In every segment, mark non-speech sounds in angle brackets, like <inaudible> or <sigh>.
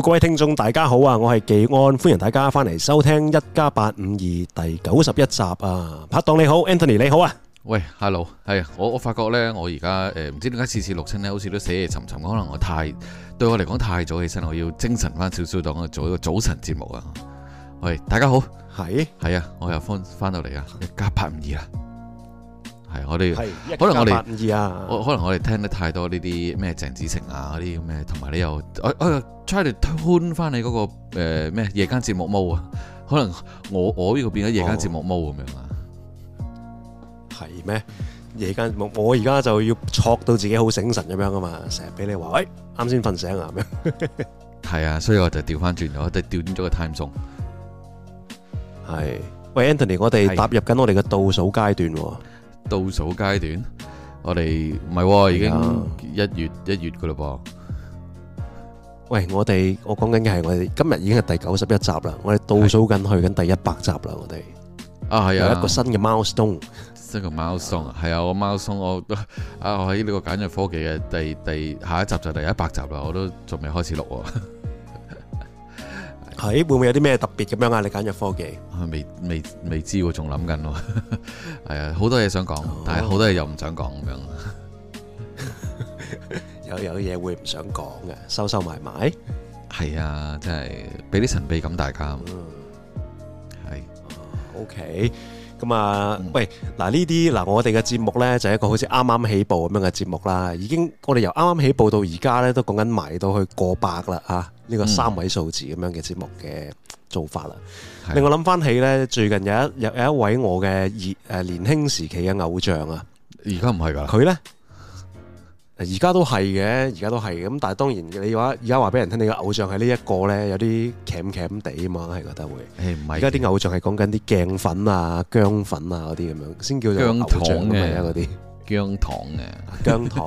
各位聽眾大家好啊，我係技安，歡迎大家翻嚟收聽一家八五二第九十一集啊，拍檔你好，Anthony 你好啊，喂，Hello，係，我我發覺呢，我而家誒唔知點解次次六親呢好似都死氣沉沉，可能我太對我嚟講太早起身啦，我要精神翻少少檔，做一個早晨節目啊，喂，大家好，係是，係啊，我又翻翻到嚟啊，一家八五二啊。係，我哋可能我哋，8, 5, 啊，可能我哋聽得太多呢啲咩鄭子誠啊嗰啲咩，同埋你又，哎哎呀，try to turn 翻你個誒咩夜間節目 mode 啊？可能我我呢度變咗夜間節目 mode 咁、哦、樣啊？係咩？夜間節目我而家就要坐到自己好醒神咁樣噶嘛？成日俾你話喂，啱先瞓醒啊？咁 <laughs> 係啊，所以我就調翻轉，我就調轉咗個 time 鐘係，喂 Anthony，我哋踏入緊我哋嘅倒數階段。是倒數階段，我哋唔係喎，已經一月的一月噶咯噃。喂，我哋我講緊嘅係我哋今日已經係第九十一集啦，的我哋倒數緊去緊第一百集啦，我哋啊係啊，有一個新嘅 milestone，新嘅 milestone 啊，係啊，我 milestone 我都啊，我喺呢個簡約科技嘅第第，第下一集就第一百集啦，我都仲未開始錄啊。係會唔會有啲咩特別咁樣啊？你揀咗科技，未未未知喎，仲諗緊咯。係 <laughs> 啊，好多嘢想講，但係好多嘢又唔想講咁樣。有有嘢會唔想講嘅，收收埋埋。係啊，真係俾啲神秘感大家。係、嗯是啊、，OK。咁、嗯、啊，喂、嗯，嗱呢啲嗱我哋嘅節目咧就一個好似啱啱起步咁樣嘅節目啦。已經我哋由啱啱起步到而家咧都講緊埋到在在去過百啦啊！呢個三位數字咁樣嘅節目嘅做法啦，嗯、令我諗翻起咧，最近有一有有一位我嘅年年輕時期嘅偶像啊，而家唔係噶，佢咧而家都係嘅，而家都係嘅。咁但係當然你話而家話俾人聽，你嘅偶像係呢一個咧，有啲僾僾地啊嘛，係覺得會。唔係，而家啲偶像係講緊啲鏡粉啊、姜粉啊嗰啲咁樣，先叫做偶像嘅啲薑糖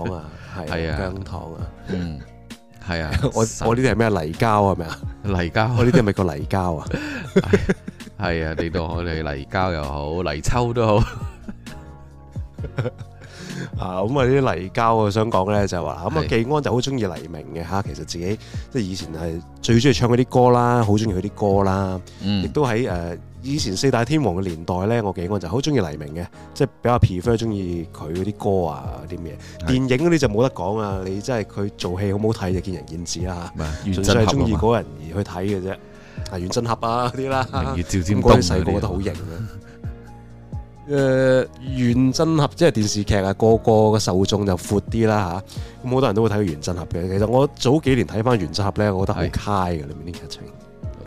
啊，係啊薑糖啊， <laughs> 嗯。係啊，我我呢啲係咩？黎膠係咪啊？黎膠膠，我呢啲係咪個黎膠啊？係 <laughs> <laughs> 啊，你都可以黎膠又好，泥秋都好。 <laughs> 啊，咁啊呢啲黎膠我想講咧就係話，咁啊，技安就好中意黎明嘅吓，其實自己即係以前係最中意唱嗰啲歌啦，好中意佢啲歌啦，亦、嗯、都喺誒。呃以前四大天王嘅年代咧，我幾個人就好中意黎明嘅，即係比較 prefer 中意佢嗰啲歌啊啲咩，電影嗰啲就冇得講啊！你真係佢做戲好唔好睇就見仁見智啦嚇，純粹係中意嗰人而去睇嘅啫。啊，原振俠啊嗰啲啦，咁嗰啲細個覺得好型啊。誒，原振俠即係電視劇啊，個個嘅受眾就闊啲啦吓，咁、啊、好多人都會睇到原振俠嘅。其實我早幾年睇翻原振俠咧，我覺得好 high 嘅裏面啲劇情。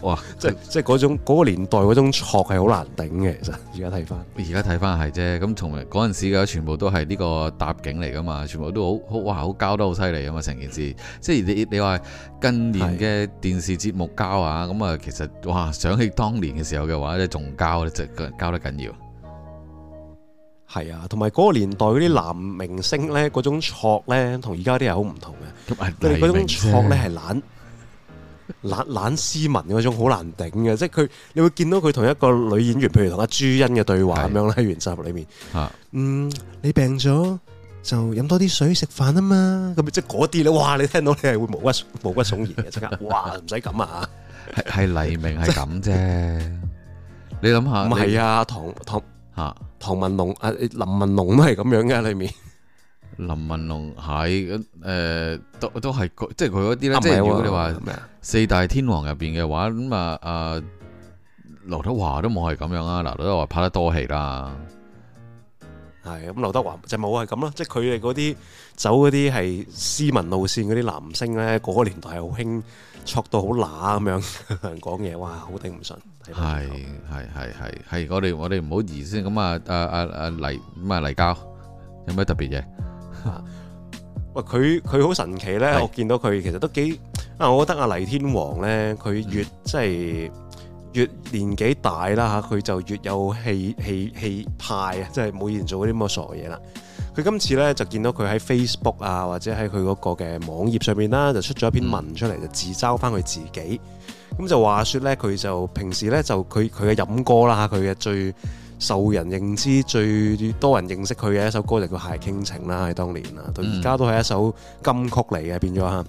哇！即係即係嗰種、嗰個年代嗰種挫係好難頂嘅，其實而家睇翻，而家睇翻係啫。咁從嗰陣時嘅全部都係呢個搭景嚟噶嘛，全部都好好哇，好交得好犀利噶嘛，成件事。即係你你話近年嘅電視節目交啊，咁啊係其實哇，想起當年嘅時候嘅話，即仲交咧，就交得緊要。係啊，同埋嗰個年代嗰啲男明星咧，嗰種挫咧，同而家啲係好唔同嘅。佢哋嗰種挫咧係懶。嗯嗯嗯嗯懶懶斯文嗰種好難頂嘅，即係佢，你會見到佢同一個女演員，譬如同阿朱茵嘅對話咁是樣咧，喺原集裏面，嗯，你病咗就飲多啲水食飯啊嘛，咁即係嗰啲你哇！你聽到你係會毛骨毛骨悚然嘅即刻，哇！唔使咁啊，係黎明係咁啫， <laughs> 你諗下，唔係啊，唐唐吓、啊、唐文龍啊林文龍都係咁樣嘅、啊、裏面。林文龍係咁誒，都都係佢，即係佢嗰啲咧。即係如果你話四大天王入邊嘅話，咁啊啊劉德華都冇係咁樣啊。嗱，劉德華拍得多戲啦，係咁。劉德華就冇係咁咯，即係佢哋嗰啲走嗰啲係斯文路線嗰啲男星咧，嗰個年代係好興，戳到好乸咁樣，同人講嘢，哇，好頂唔順。係係係係，係我哋我哋唔好疑先咁啊啊啊啊黎咁啊黎膠有咩特別嘢？啊！喂，佢佢好神奇咧，是我見到佢其實都幾啊，我覺得阿黎天王咧，佢越即係、就是、越年紀大啦吓，佢就越有氣氣氣派啊，即係冇以前做啲咁嘅傻嘢啦。佢今次咧就見到佢喺 Facebook 啊，或者喺佢嗰個嘅網頁上面啦，就出咗一篇文出嚟，就、嗯、自嘲翻佢自己。咁就話說咧，佢就平時咧就佢佢嘅飲歌啦吓，佢嘅最。受人認知最多人認識佢嘅一首歌就叫《夏日傾情》啦，喺當年啊，到而家都係一首金曲嚟嘅，變咗嚇。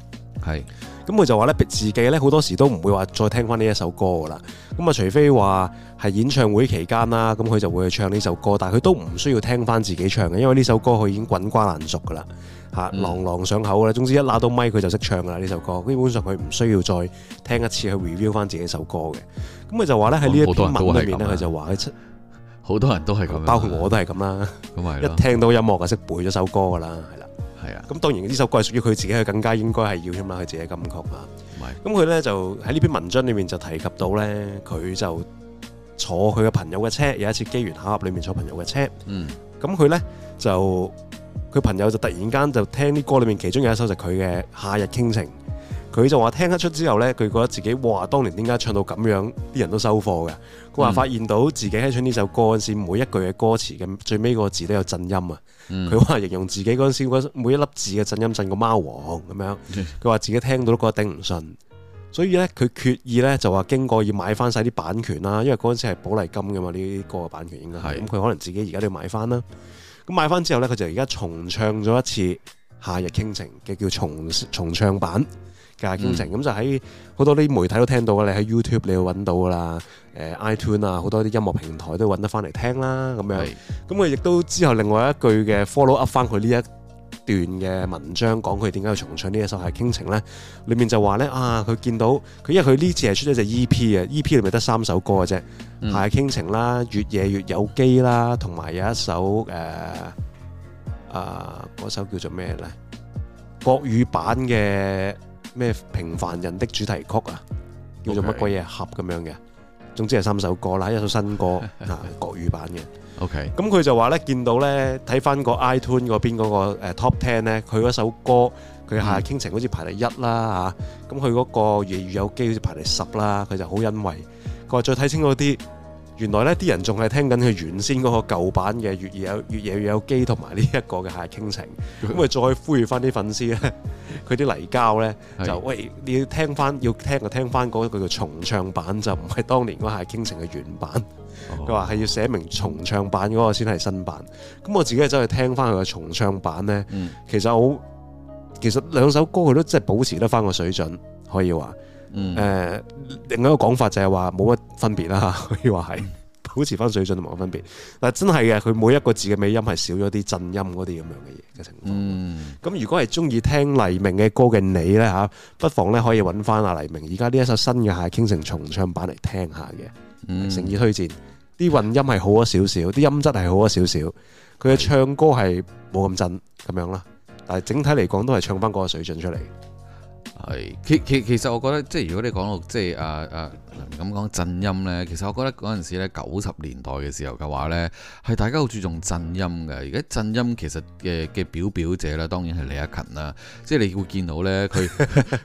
係是。咁佢就話咧，自己咧好多時都唔會話再聽翻呢一首歌噶啦。咁啊，除非話係演唱會期間啦，咁佢就會去唱呢首歌，但係佢都唔需要聽翻自己唱嘅，因為呢首歌佢已經滾瓜爛熟噶啦，嚇朗朗上口嘅咧。總之一拉到麥佢就識唱噶啦呢首歌，基本上佢唔需要再聽一次去 review 翻自己首歌嘅。咁佢就話咧喺呢一段文裏面咧，佢就話。好多人都係咁、啊，包括我都係咁啦。咁、啊、 <laughs> 一聽到音樂就識背咗首歌噶啦，係啦。係啊。咁當然呢首歌係屬於佢自己，佢更加應該係要添啦，佢自己嘅金曲啊。咁佢呢，就喺呢篇文章裏面就提及到呢，佢就坐佢嘅朋友嘅車，有一次機緣巧合裏面坐朋友嘅車。嗯、啊。咁佢呢，就佢朋友就突然間就聽啲歌裏面其中有一首就佢嘅《夏日傾情》。佢就話聽得出之後呢，佢覺得自己哇，當年點解唱到咁樣，啲人都收貨嘅。佢話發現到自己喺唱呢首歌嗰陣時，每一句嘅歌詞嘅最尾個字都有震音啊！佢話、嗯、形容自己嗰陣時，每一粒字嘅震音震過貓王咁樣。佢話、嗯、自己聽到都覺得頂唔順，所以呢，佢決意呢就話經過要買翻晒啲版權啦，因為嗰陣時係寶麗金噶嘛，呢啲歌嘅版權應該係咁，佢的可能自己而家都要買翻啦。咁買翻之後呢，佢就而家重唱咗一次《夏日傾情》，嘅叫重重唱版。《夏日傾情》咁就喺好多啲媒體都聽到嘅，你喺 YouTube 你去揾到噶啦，誒 iTune 啊，好多啲音樂平台都揾得翻嚟聽啦，咁樣。咁我亦都之後另外一句嘅 follow up 翻佢呢一段嘅文章，講佢點解要重唱呢一首《夏日傾情》咧？裏面就話咧啊，佢見到佢因為佢呢次係出咗隻 EP 啊，EP 裏面得三首歌嘅啫，《夏日傾情》啦，《越夜越有機》啦，同埋有一首誒啊嗰首叫做咩咧？國語版嘅。咩平凡人的主題曲啊，叫做乜鬼嘢合咁樣嘅。總之係三首歌啦，有一首新歌嚇國語版嘅。OK，咁佢就話咧，見到咧睇翻個 iTunes 嗰邊嗰個誒 Top Ten 咧，佢嗰首歌夏日傾情好似排第一啦嚇，咁佢嗰個越夜越有機好似排第十啦，佢就好欣慰。佢話再睇清楚啲。原來咧，啲人仲係聽緊佢原先嗰個舊版嘅《越夜越夜越有機》同埋呢一個嘅《夏日傾情》，咁咪再呼籲翻啲粉絲咧，佢啲黎膠咧就，喂，你要聽翻，要聽就聽翻嗰個叫重唱版，就唔係當年嗰個《夏日傾情》嘅原版。佢話係要寫明重唱版嗰個先係新版。咁我自己走去聽翻佢嘅重唱版咧，其實好，其實兩首歌佢都真係保持得翻個水準，可以話。誒、嗯呃，另外一個講法就係話冇乜分別啦，可以話係保持翻水準同冇分別。嗱，真係嘅，佢每一個字嘅尾音係少咗啲震音嗰啲咁樣嘅嘢，嘅情況。咁、嗯、如果係中意聽黎明嘅歌嘅你呢？吓不妨呢可以揾翻阿黎明而家呢一首新嘅係傾情重唱版嚟聽下嘅，誠、嗯、意推薦。啲混音係好咗少少，啲音質係好咗少少。佢嘅唱歌係冇咁震咁樣啦，但係整體嚟講都係唱翻嗰個水準出嚟。係，其其其實我覺得即係如果你講到即係啊啊咁講震音咧，其實我覺得嗰陣、啊啊、時咧九十年代嘅時候嘅話咧，係大家好注重震音嘅。而家震音其實嘅嘅表表者啦，當然係李克勤啦。即係你會見到咧，佢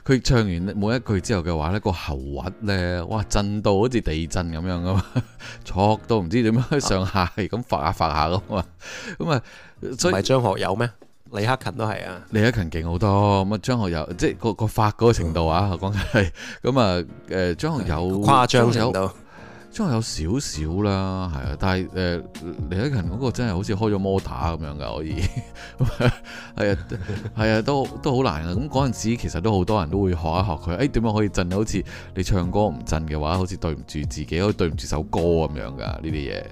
佢唱完每一句之後嘅話咧， <laughs> 個喉核咧，哇震到好似地震咁樣噶嘛，挫到唔知點樣上下咁發下發下咁啊咁啊。所以唔係張學友咩？李克勤都係啊，李克勤勁好多，咁啊張學友，即係個個發嗰個程度啊，講係，咁啊誒張學友誇張張學友少少啦，係啊，但係誒李克勤嗰個真係好似開咗摩 o 咁樣噶，可以，係 <laughs> 啊係 <laughs> 啊，都都好難啊，咁嗰陣時其實都好多人都會學一學佢，誒點樣可以震。好似你唱歌唔震嘅話，好似對唔住自己，好似對唔住首歌咁樣噶呢啲嘢。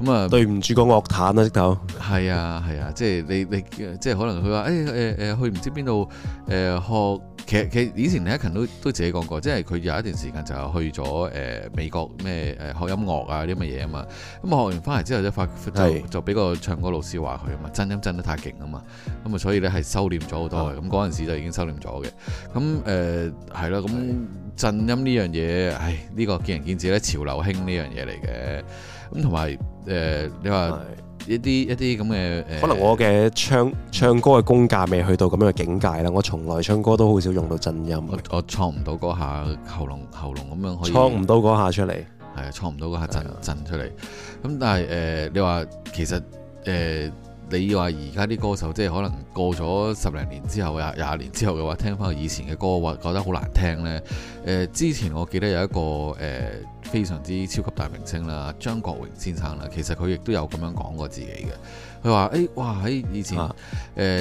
咁啊，對唔住個樂壇啦，直頭。係啊，係啊，即係你你，即係可能佢話，誒誒誒，去唔知邊度，誒、呃、學劇劇，以前李克勤都都自己講過，即係佢有一段時間就去咗誒、呃、美國咩誒學音樂啊啲咁嘅嘢啊嘛。咁學完翻嚟之後就是就，就發就就俾個唱歌老師話佢啊嘛，震音震得太勁啊嘛。咁啊，所以咧係收斂咗好多嘅。咁嗰陣時就已經收斂咗嘅。咁誒係啦，咁、呃。震音呢樣嘢，唉，呢、這個見仁見智咧，潮流興呢樣嘢嚟嘅。咁同埋誒，你話是一啲一啲咁嘅誒，可能我嘅唱、呃、唱，唱歌嘅功架未去到咁樣嘅境界啦。我從來唱歌都好少用到震音我，我我唱唔到嗰下喉嚨喉嚨咁樣可以。唱唔到嗰下出嚟，係啊，唱唔到嗰下震的震出嚟。咁但係誒、呃，你話其實誒。呃你要話而家啲歌手即係可能過咗十零年之後、廿廿年之後嘅話，聽翻佢以前嘅歌，或覺得好難聽呢。誒、呃，之前我記得有一個誒、呃、非常之超級大明星啦，張國榮先生啦，其實佢亦都有咁樣講過自己嘅。佢、哎啊呃、話：誒，哇喺以前誒，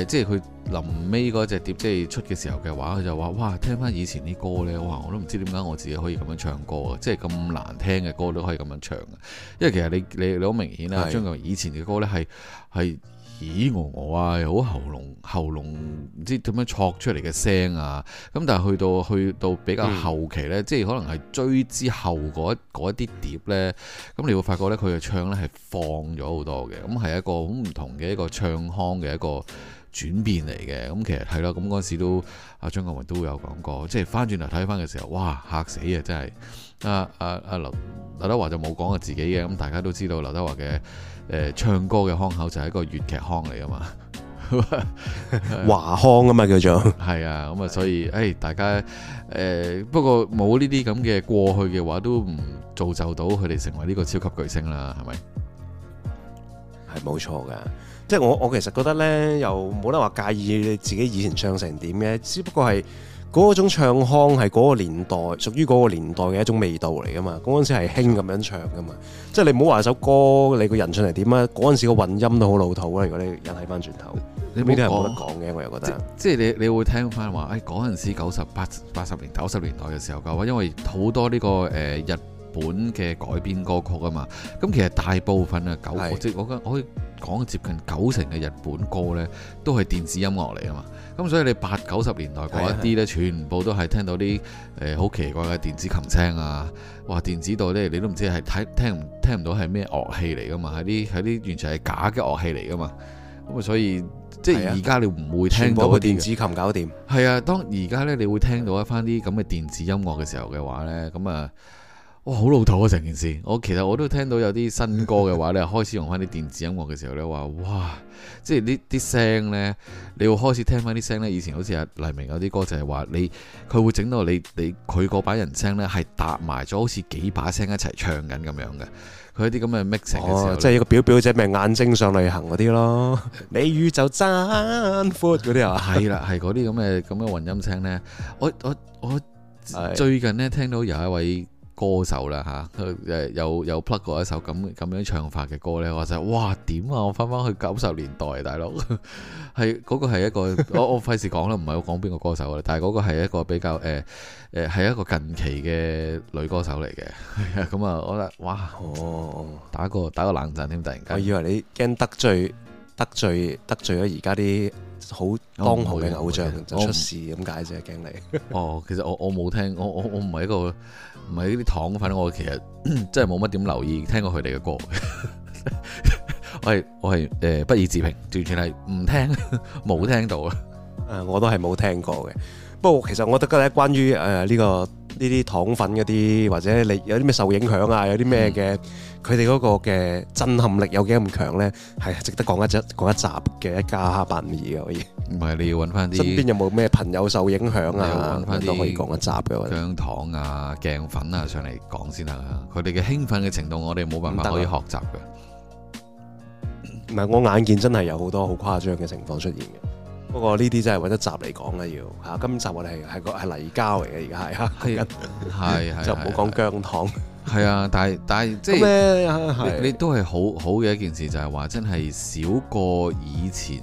即係佢臨尾嗰隻碟即係出嘅時候嘅話，佢就話：哇，聽翻以前啲歌呢，哇，我都唔知點解我自己可以咁樣唱歌啊！即係咁難聽嘅歌都可以咁樣唱。因為其實你你好明顯啊，張國榮以前嘅歌呢係係。咦，我我啊，又好喉嚨喉嚨唔知點樣撮出嚟嘅聲啊！咁但係去到去到比較後期呢，嗯、即係可能係追之後嗰一啲碟呢，咁你會發覺呢，佢嘅唱呢係放咗好多嘅，咁係一個好唔同嘅一個唱腔嘅一個轉變嚟嘅。咁其實係咯，咁嗰陣時都阿張國榮都有講過，即係翻轉頭睇翻嘅時候，哇嚇死啊！真係啊啊啊，劉劉德華就冇講過自己嘅，咁大家都知道劉德華嘅。誒、呃、唱歌嘅腔口就係一個粵劇腔嚟噶嘛， <laughs> 華腔啊嘛叫做，係啊咁啊，所以誒、 <laughs> 哎、大家誒、呃、不過冇呢啲咁嘅過去嘅話，都唔造就到佢哋成為呢個超級巨星啦，係咪？係冇錯噶，即係我我其實覺得咧，又冇得話介意你自己以前唱成點嘅，只不過係。嗰種唱腔係嗰個年代屬於嗰個年代嘅一種味道嚟噶嘛，嗰陣時係興咁樣唱噶嘛，即係你唔好話首歌你個人唱嚟點啊，嗰陣時個韻音都好老土啦，如果你引起翻轉頭，你冇得講嘅即我又覺得。即係你你會聽翻話，誒嗰陣時九十八八十年九十年代嘅時候嘅話，因為好多呢、呢個誒人。呃日本嘅改編歌曲啊嘛，咁其實大部分啊九，的即我講可以講接近九成嘅日本歌呢，都係電子音樂嚟啊嘛。咁所以你八九十年代嗰一啲呢，全部都係聽到啲誒好奇怪嘅電子琴聲啊！哇，電子到呢，你都唔知係睇聽唔聽唔到係咩樂器嚟噶嘛？係啲係啲完全係假嘅樂器嚟噶嘛？咁啊，所以即係而家你唔會聽到個電子琴搞掂。係啊，當而家呢，你會聽到一翻啲咁嘅電子音樂嘅時候嘅話呢。咁啊。哇，好老土啊！成件事，我其實我都聽到有啲新歌嘅話咧，開始用翻啲電子音樂嘅時候咧，話哇，即係呢啲聲咧，你要開始聽翻啲聲咧，以前好似啊，黎明有啲歌就係、是、話你，佢會整到你你佢嗰把人聲咧係搭埋咗，好似幾把聲一齊唱緊咁樣嘅。佢啲咁嘅 mixing 哦，即、就、係、是、一個表表姐，咪眼睛上旅行嗰啲咯。你宇宙爭 f 嗰啲啊，係啦， <laughs> 係嗰啲咁嘅咁嘅混音聲咧。我我我，的我最近呢聽到有一位。歌手啦嚇，誒有有 plug 過一首咁咁樣唱法嘅歌咧，我就話哇點啊！我翻翻去九十年代，大佬係嗰 <laughs> 個係一個，我我費事講啦，唔係我講邊個歌手嘅，但係嗰個係一個比較誒誒，係一個近期嘅女歌手嚟嘅。咁啊，我、啊、話哇、啊打，打個打個冷震添，突然間。 <laughs> 我以為你驚得罪得罪得罪咗而家啲好當紅嘅偶像出事咁解啫，經理不。 <laughs> 哦，其實我我冇聽， <laughs> 聽，我我我唔係一個。唔係呢啲糖粉，我其實真係冇乜點留意聽過佢哋嘅歌， <laughs> 我係我係誒、呃、不予置評，完全係唔聽，冇聽到啊！誒，我都係冇聽過嘅。不過其實我覺得咧，關於誒呢、呃這個。呢啲糖粉嗰啲，或者你有啲咩受影響啊？有啲咩嘅佢哋嗰個嘅震撼力有幾咁強咧？係值得講一集，講一集嘅一家852嘅可以。唔係，你要揾翻啲身邊有冇咩朋友受影響啊？都可以講一集嘅。薑糖啊、鏡粉啊，上嚟講先啦、啊。佢哋嘅興奮嘅程度，我哋冇辦法可以學習嘅。唔係、啊，我眼見真係有好多好誇張嘅情況出現嘅。不過呢啲真係揾一集嚟講啦，要吓，今集我哋係係個係泥膠嚟嘅，而家係吓，係係就唔好講薑糖，係啊，但係但係即係你你都係好好嘅一件事，就係話真係少過以前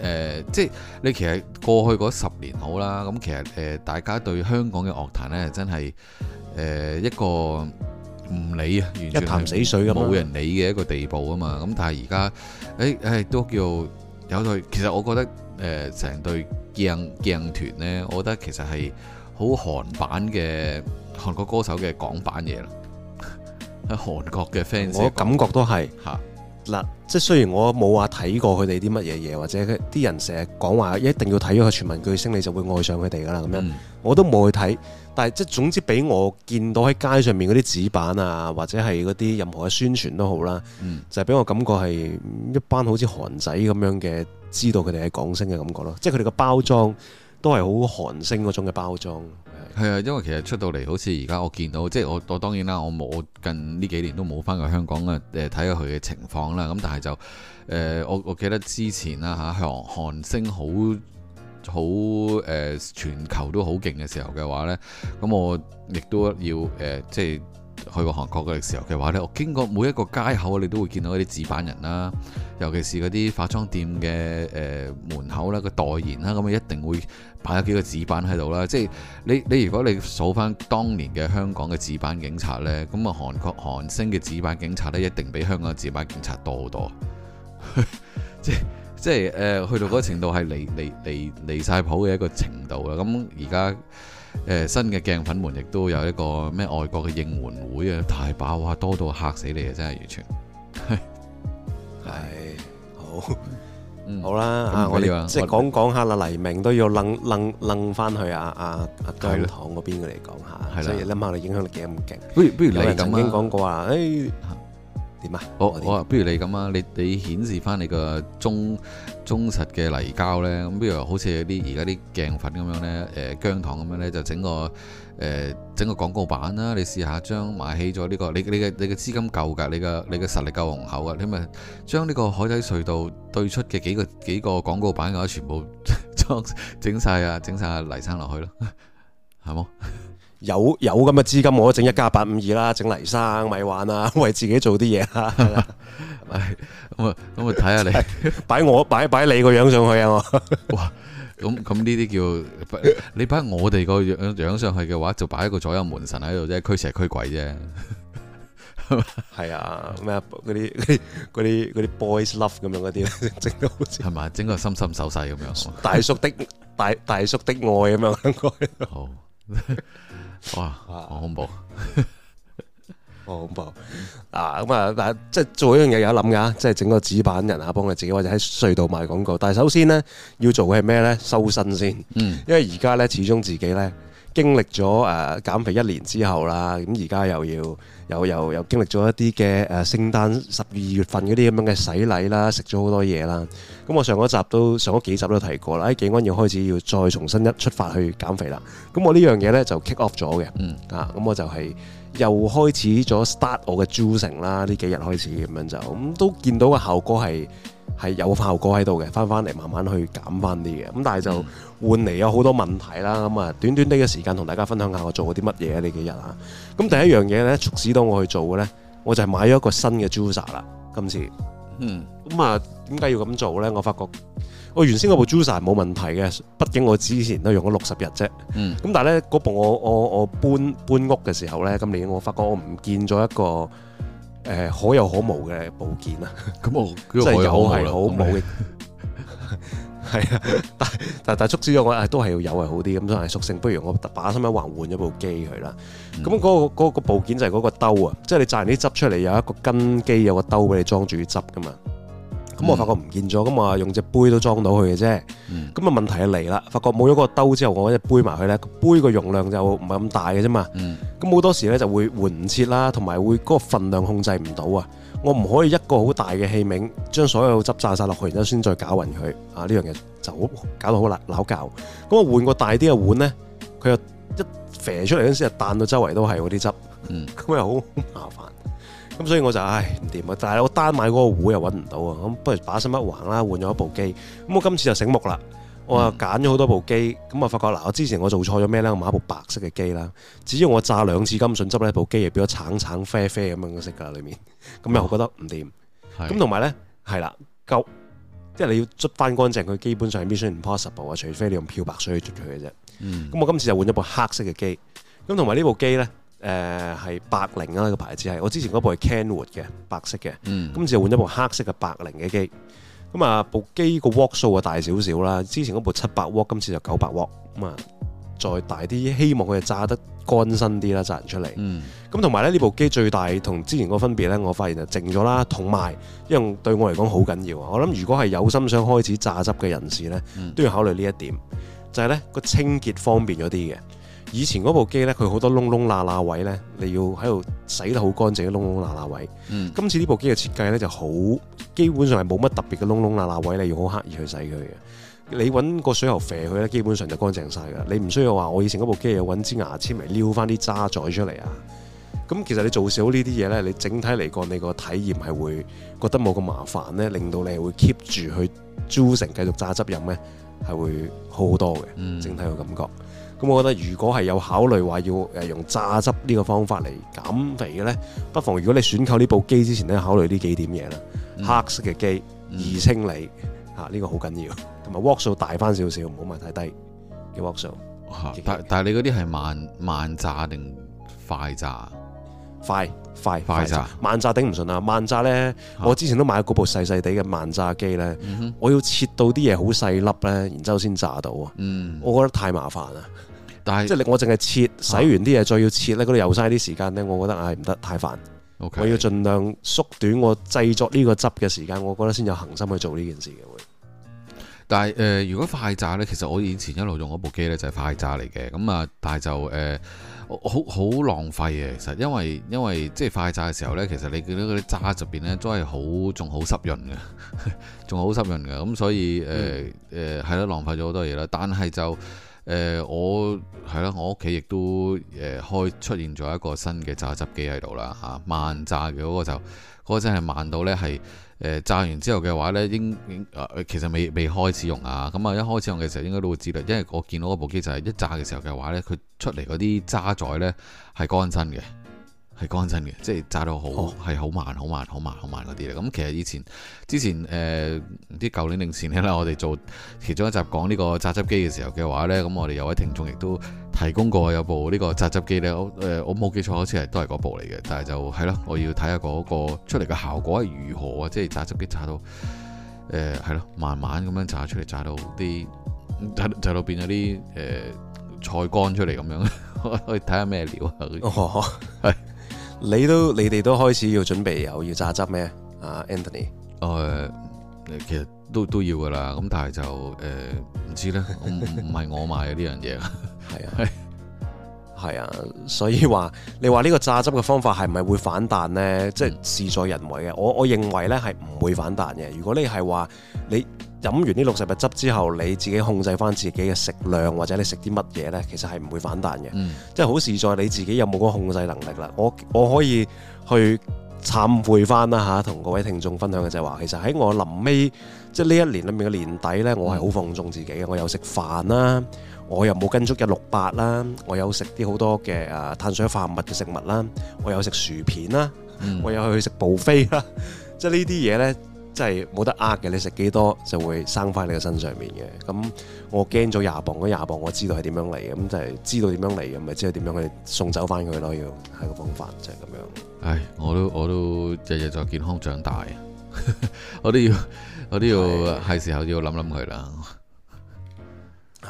誒，即係你其實過去嗰十年好啦，咁其實誒大家對香港嘅樂壇咧，真係誒一個唔理啊，一潭死水噶，冇人理嘅一個地步啊嘛，咁但係而家誒誒都叫有對，其實我覺得。誒，成、呃、隊鏡鏡團呢，我覺得其實係好韓版嘅韓國歌手嘅港版嘢啦。喺 <laughs> 韓國嘅 fans，我感覺都係吓嗱，即係雖然我冇話睇過佢哋啲乜嘢嘢，或者啲人成日講話一定要睇咗個全民巨星，你就會愛上佢哋噶啦咁樣，嗯、我都冇去睇。但係即係總之俾我見到喺街上面嗰啲紙板啊，或者係嗰啲任何嘅宣傳都好啦，嗯、就係俾我感覺係一班好似韓仔咁樣嘅。知道佢哋係港星嘅感覺咯，即係佢哋個包裝都係好韓星嗰種嘅包裝。係啊，因為其實出到嚟好似而家我見到，即係我我當然啦，我冇近呢幾年都冇返過香港啊，誒睇下佢嘅情況啦。咁但係就誒，我、呃、我記得之前啦，嚇韓韓星好好誒全球都好勁嘅時候嘅話咧，咁我亦都要誒、呃、即係。去過韓國嘅時候嘅話呢，我經過每一個街口，你都會見到嗰啲紙板人啦，尤其是嗰啲化妝店嘅誒、呃、門口啦，個代言啦，咁啊一定會擺咗幾個紙板喺度啦。即係你你如果你數返當年嘅香港嘅紙板警察呢，咁啊韓國韓星嘅紙板警察呢，一定比香港嘅紙板警察多好多。 <laughs> 即即係誒、呃，去到嗰程度係離離離晒曬譜嘅一個程度啦。咁而家。誒，新嘅鏡粉門亦都有一個咩外國嘅應援會啊，大把話，多到嚇死你啊，真係完全係好好啦啊！我哋即係講講下啦，我黎明都要掕掕掕翻去阿阿阿薑糖嗰邊嚟講下，的所以諗下你影響力幾咁勁。不如不如你，啊、曾經講過啊，誒、哎。點啊？好好啊，不如你咁啊！你你顯示翻你個忠忠實嘅泥膠咧，咁不如好似有啲而家啲鏡粉咁樣咧，誒、呃、薑糖咁樣咧，就整個誒、呃、整個廣告板啦！你試下將買起咗呢、這個，你你嘅你嘅資金夠噶，你嘅你嘅實力夠雄厚噶，你咪將呢個海底隧道對出嘅幾個幾個廣告板嘅話、呃，全部裝整晒啊，整晒泥生落去咯，係冇？有有咁嘅資金，我整一家852啦，整泥沙咪玩啊，為自己做啲嘢啊！咁啊咁啊，睇下 <laughs> 你擺 <laughs> 我擺擺你個樣上去啊！我哇！咁咁呢啲叫 <laughs> 你擺我哋個樣上去嘅話，就擺一個左右門神喺度啫，驅邪驅鬼啫。係 <laughs> 啊，咩嗰啲嗰啲嗰啲 boys love 咁樣嗰啲，整到 <laughs> 好似係咪？整個心心手勢咁樣 <laughs> 大大。大叔的大大叔的愛咁樣好。 <laughs> <laughs> 哇，好恐怖， <laughs> 好恐怖 <laughs> 啊！咁啊，嗱，即係做一樣嘢有得諗噶，即係整個紙板人啊，幫佢自己或者喺隧道賣廣告。但係首先咧，要做嘅係咩咧？收身先，嗯，因為而家咧，始終自己咧。經歷咗誒、呃、減肥一年之後啦，咁而家又要又又又經歷咗一啲嘅誒聖誕十二月份嗰啲咁樣嘅洗禮啦，食咗好多嘢啦。咁、嗯、我上嗰集都上嗰幾集都提過啦，喺景安要開始要再重新一出發去減肥啦。咁、嗯、我呢樣嘢呢，就 kick off 咗嘅，啊，咁我就係又開始咗 start 我嘅 juicing 啦。呢幾日開始咁樣就咁、嗯、都見到個效果係。係有效果喺度嘅，翻翻嚟慢慢去減翻啲嘅，咁但係就換嚟有好多問題啦。咁啊、嗯，短短啲嘅時間同大家分享下我做過啲乜嘢呢幾日啊？咁第一樣嘢咧促使到我去做嘅咧，我就係買咗一個新嘅 Juicer 啦。今次，嗯，咁啊，點解要咁做咧？我發覺我原先嗰部 Juicer 係冇問題嘅，畢竟我之前都用咗六十日啫。咁、嗯、但係咧嗰部我我我搬搬屋嘅時候咧，今年我發覺我唔見咗一個。誒，可有可無嘅部件啊，咁我真係有係好，冇係啊，但但但促使咗我，誒，都係有係好啲，咁都係屬性，不如我把心一橫，換咗部機佢啦，咁嗰、嗰個個部件就係嗰個兜啊，即係你榨啲汁出嚟，有一個根機有個兜俾你裝住啲汁噶嘛。咁、嗯、我發覺唔見咗，咁我用隻杯都裝到佢嘅啫。咁啊、嗯、問題係嚟啦，發覺冇咗個兜之後，我一隻杯埋佢咧，杯個容量就唔係咁大嘅啫嘛。咁好、嗯、多時咧就會換唔切啦，同埋會嗰個份量控制唔到啊。我唔可以一個好大嘅器皿將所有汁炸晒落去，然之後先再攪勻佢。啊，呢樣嘢就好搞到好撈撈教。咁我換個大啲嘅碗咧，佢又一肥出嚟嗰陣時，就彈到周圍都係嗰啲汁，咁又好麻煩。咁、 <laughs> 啊、所以我就唉唔掂啊！但係我單買嗰個壺又揾唔到啊！咁不如把心一橫啦，換咗一部機。咁、啊、我今次就醒目啦，我啊揀咗好多部機，咁、啊嗯嗯、我發覺嗱、啊，我之前我做錯咗咩呢？我買一部白色嘅機啦，只要我炸兩次金筍，汁呢，部機，又變咗橙橙啡啡咁樣色噶裏面，咁、啊嗯啊、又我覺得唔掂。咁同埋呢，係啦，夠即係你要捽翻乾淨，佢基本上係 become impossible 啊！除非你用漂白水去捽佢嘅啫。咁我今次就換咗部黑色嘅機，咁同埋呢部機呢。誒係百靈啊個牌子係，我之前嗰部係 Canwood 嘅白色嘅，嗯、今次換咗部黑色嘅百靈嘅機。咁啊，部機個瓦數啊大少少啦，之前嗰部七百瓦，今次就九百瓦咁啊，再大啲，希望佢係榨得乾身啲啦，榨人出嚟。咁同埋咧，呢部機最大同之前個分別咧，我發現就靜咗啦，同埋因為對我嚟講好緊要啊。我諗如果係有心想開始榨汁嘅人士咧，嗯、都要考慮呢一點，就係咧個清潔方便咗啲嘅。以前嗰部機咧，佢好多窿窿罅罅位咧，你要喺度洗得好乾淨啲窿窿罅罅位。嗯、今次呢部機嘅設計咧就好，基本上係冇乜特別嘅窿窿罅罅位，你要好刻意去洗佢嘅。你揾個水喉肥佢咧，基本上就乾淨晒㗎。你唔需要話我以前嗰部機要揾支牙籤嚟撩翻啲渣滓出嚟啊。咁、嗯、其實你做少呢啲嘢咧，你整體嚟講，你個體驗係會覺得冇咁麻煩咧，令到你會 keep 住去啜成繼續榨汁飲咧，係會好好多嘅。整體個感覺。嗯咁，我覺得如果係有考慮話要誒用榨汁呢個方法嚟減肥嘅呢，不妨如果你選購呢部機之前咧，考慮呢幾點嘢啦。黑色嘅機，易清理，吓呢、嗯啊這個好緊要。同埋 work 數大翻少少，唔好買太低嘅 work 數。但但係你嗰啲係慢慢榨定快榨？快快快榨？慢榨頂唔順啊！慢榨呢，啊、我之前都買嗰部細細地嘅慢榨機呢，嗯、哼我要切到啲嘢好細粒呢，然之後先榨到啊！嗯、我覺得太麻煩啦。但即係你，我淨係切洗完啲嘢，啊、再要切咧，嗰度又嘥啲時間咧。我覺得唉唔得太煩，okay，我要盡量縮短我製作呢個汁嘅時間。我覺得先有恒心去做呢件事嘅會。但係誒、呃，如果快榨呢，其實我以前一路用嗰部機呢，就係、是、快榨嚟嘅。咁啊，但係就誒、呃，好好浪費嘅。其實因為因為即係快榨嘅時候呢，其實你見到嗰啲渣入邊呢，都係好仲好濕潤嘅，仲好濕潤嘅。咁所以誒誒係啦，浪費咗好多嘢啦。但係就。誒我係啦，我屋企亦都誒開出現咗一個新嘅榨汁機喺度啦，嚇，慢榨嘅嗰個就嗰個真係慢到呢。係誒榨完之後嘅話呢，應應其實未未開始用啊，咁啊一開始用嘅時候應該都會知啦，因為我見到嗰部機就係一榨嘅時候嘅話呢，佢出嚟嗰啲渣滓呢係乾身嘅。係乾淨嘅，即係榨到好係好慢、好慢、好慢、好慢嗰啲。咁其實以前之前誒啲舊年年前咧，我哋做其中一集講呢個榨汁機嘅時候嘅話呢，咁我哋有位聽眾亦都提供過有部呢個榨汁機呢，我冇、呃、記錯好似係都係嗰部嚟嘅，但係就係咯，我要睇下嗰個出嚟嘅效果係如何啊！即係榨汁機榨到誒係咯，慢慢咁樣榨出嚟，榨到啲就到變咗啲誒菜乾出嚟咁樣， <laughs> 可以睇下咩料啊？哦 <laughs> 你都你哋都開始要準備有要榨汁咩？啊，Anthony，誒，其實都都要噶啦，咁但係就誒唔、呃、知咧，唔唔係我買嘅呢樣嘢，係 <laughs> 啊係 <laughs> 啊，所以話你話呢個榨汁嘅方法係唔係會反彈咧？即係、嗯、事在人為嘅，我我認為咧係唔會反彈嘅。如果你係話你。飲完呢六十日汁之後，你自己控制翻自己嘅食量，或者你食啲乜嘢呢？其實係唔會反彈嘅。嗯、即係好視在你自己有冇嗰個控制能力啦。我我可以去懺悔翻啦嚇，同各位聽眾分享嘅就係、是、話，其實喺我臨尾即係呢一年裏面嘅年底呢，嗯、我係好放縱自己嘅。我有食飯啦，我又冇跟足一六八啦，我有食啲好多嘅誒碳水化合物嘅食物啦，我有食薯片啦，嗯、我有去食 buffet 啦，即係呢啲嘢呢。即係冇得呃嘅，你食幾多就會生翻你嘅身上面嘅。咁我驚咗廿磅嗰廿磅，磅我知道係點樣嚟嘅，咁就係知道點樣嚟嘅，咪知道點樣去送走翻佢咯，要係個方法就係、是、咁樣。唉，我都我都日日在健康長大， <laughs> 我都要我都要係的時候要諗諗佢啦。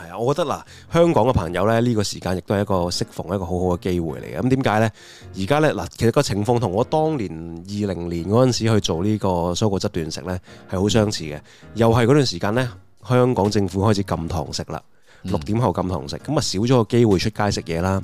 係啊，我覺得嗱、啊，香港嘅朋友咧，呢、這個時間亦都係一個適逢一個好好嘅機會嚟嘅。咁點解呢？而家呢，嗱、啊，其實個情況同我當年二零年嗰陣時去做呢個蔬果汁斷食呢，係好相似嘅，又係嗰段時間呢，香港政府開始禁堂食啦。六點後禁堂食，咁啊少咗個機會出街食嘢啦。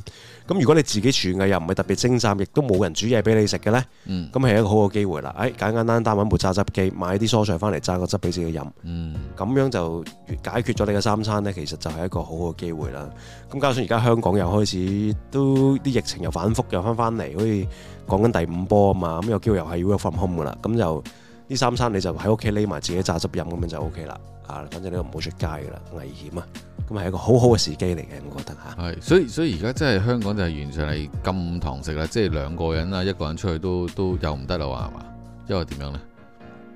咁如果你自己廚藝，又唔係特別精湛，亦都冇人煮嘢俾你食嘅呢，咁係、嗯、一個好好機會啦。誒、哎，簡簡單單揾部榨汁機，買啲蔬菜翻嚟榨個汁俾自己飲，咁、嗯、樣就解決咗你嘅三餐呢。其實就係一個好嘅機會啦。咁加上而家香港又開始都啲疫情又反覆又翻翻嚟，好似講緊第五波啊嘛。咁有機會又叫又係要 work from home 嘅啦。咁就呢三餐你就喺屋企匿埋自己榨汁飲，咁樣就 O、OK、K 啦。啊，反正你又唔好出街嘅啦，危險啊！咁係一個好好嘅時機嚟嘅，我覺得嚇。係，所以所以而家真係香港就係完全係禁堂食啦，即係兩個人啊，一個人出去都都又唔得啦，話嘛，因為點樣咧？誒、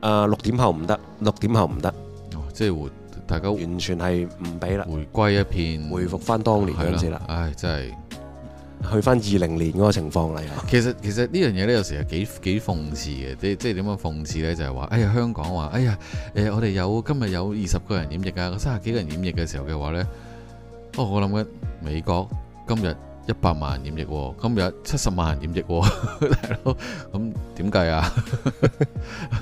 呃，六點後唔得，六點後唔得。哦，即係大家完全係唔俾啦，回歸一片，回復翻當年啦。唉，真係。去翻二零年嗰個情況嚟啊！其實其實呢樣嘢咧，有時係幾幾諷刺嘅，即即點樣諷刺咧？就係、係、話，哎呀香港話，哎呀誒我哋有今日有二十個人染疫啊，三十幾個人染疫嘅時候嘅話咧，哦我諗緊美國今日一百萬人染疫，啊，今日七十萬人染疫，大佬咁點計啊？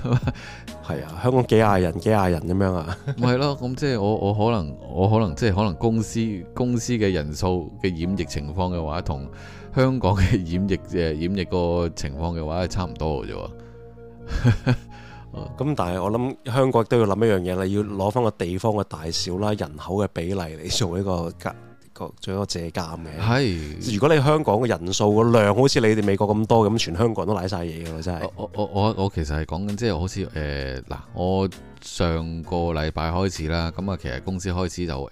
<laughs> <laughs> 係啊，香港幾廿人幾廿人咁樣啊，唔係咯，咁即係我我可能我可能即係可能公司公司嘅人數嘅染疫情況嘅話，同香港嘅染疫誒染、呃、疫個情況嘅話係差唔多嘅啫、啊。咁、 <laughs> <laughs> 嗯、但係我諗香港都要諗一樣嘢啦，要攞翻個地方嘅大小啦、人口嘅比例嚟做呢個最多借鑒嘅，係是如果你香港嘅人數個量，好似你哋美國咁多咁，全香港人都瀨晒嘢㗎喇，真係。我我我我其實係講緊，即係好似誒嗱，我上個禮拜開始啦，咁啊，其實公司開始就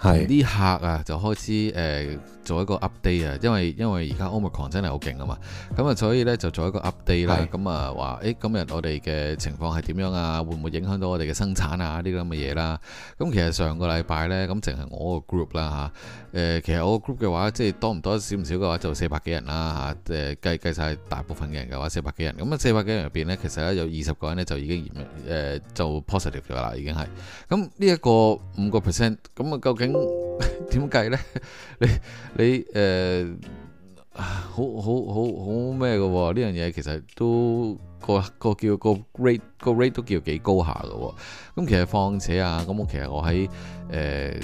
誒，啲客啊就開始誒。呃做一個 update 啊，因為因為而家 Omicron 真係好勁啊嘛，咁啊所以呢，就做一個 update 啦，咁啊話，誒今日我哋嘅情況係點樣啊？會唔會影響到我哋嘅生產啊？呢啲咁嘅嘢啦，咁其實上個禮拜呢，咁淨係我個 group 啦吓，誒其實我個 group 嘅話，即係多唔多少唔少嘅話，就四百幾人啦嚇，誒計計晒大部分嘅人嘅話，四百幾人，咁啊四百幾人入邊呢，其實咧有二十個人呢，就已經驗，誒、呃、做 positive 咗啦，已經係，咁呢一個五個 percent，咁啊究竟，點計咧？你你誒、呃，好好好好咩嘅、哦？呢樣嘢其實都個個叫個 rate 個 rate 都叫幾高下嘅、哦。咁其實況且啊，咁我其實我喺誒，咁、呃、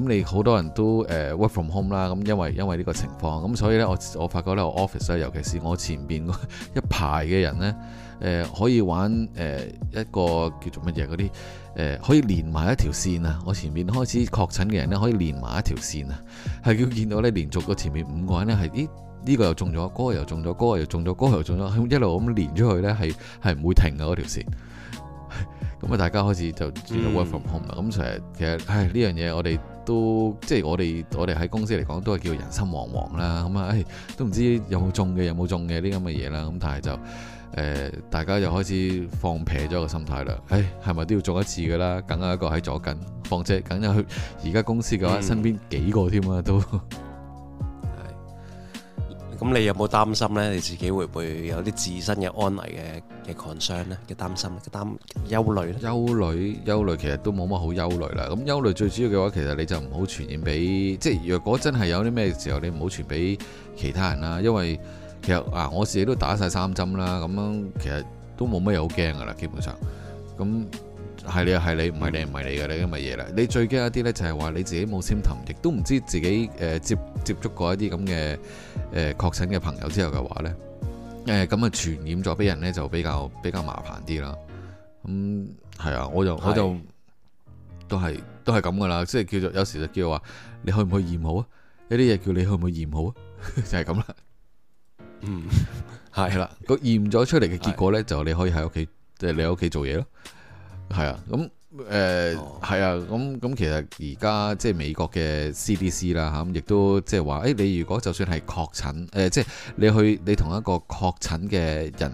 咁你好多人都誒、呃、work from home 啦。咁因為因為呢個情況，咁所以咧我我發覺咧我 office 咧，尤其是我前邊一排嘅人咧。誒、呃、可以玩誒、呃、一個叫做乜嘢嗰啲誒可以連埋一條線啊！我前面開始確診嘅人咧，可以連埋一條線啊，係叫見到咧連續個前面五個人咧係啲呢咦、呢個又中咗，嗰、那個、又中咗，嗰、那個、又中咗，嗰又中咗，一路咁連出去咧係係唔會停嘅嗰條線。咁 <laughs> 啊、嗯， <laughs> 大家開始就轉到 work from home 啦。咁、嗯、誒、嗯嗯、其實係呢樣嘢，我哋都即係我哋我哋喺公司嚟講都係叫人心惶惶啦。咁、嗯、啊，誒、哎、都唔知有冇中嘅，有冇中嘅呢咁嘅嘢啦。咁但係就。誒、呃，大家又開始放撇咗個心態啦。誒，係咪都要做一次㗎啦？梗係一個喺左近放啫，梗係去而家公司嘅話，嗯、身邊幾個添啊都。咁、嗯、 <laughs> 是你有冇擔心咧？你自己會唔會有啲自身嘅安危嘅嘅 concern 咧？嘅擔心，嘅擔憂，憂慮咧？憂慮，其實都冇乜好憂慮啦。咁憂慮最主要嘅話，其實你就唔好傳染俾，即係若果真係有啲咩時候，你唔好傳俾其他人啦，因為。其實啊，我自己都打晒三針啦，咁樣其實都冇乜嘢好驚噶啦。基本上咁係你啊，係你唔係你唔係你噶啦，咁啊嘢啦。你最驚一啲咧就係話你自己冇簽頭，亦都唔知自己誒、呃、接接觸過一啲咁嘅誒確診嘅朋友之後嘅話咧誒咁啊傳染咗俾人咧就比較比較麻煩啲啦。咁係啊，我就我就是都係都係咁噶啦，即係叫做有時就叫話你去唔去以驗好啊？一啲嘢叫你去唔去以驗好啊？ <laughs> 就係咁啦。嗯，係啦 <laughs> 的，個驗咗出嚟嘅結果呢，的就你可以喺屋企，即係的家你喺屋企做嘢事咯。係啊、嗯，咁誒、嗯，係、嗯、啊，咁咁、嗯嗯嗯、其實而家即係美國嘅 CDC 啦吓，亦都即係話，誒，你如果就算係確診，誒、呃，即、就、係、是、你去你同一個確診嘅人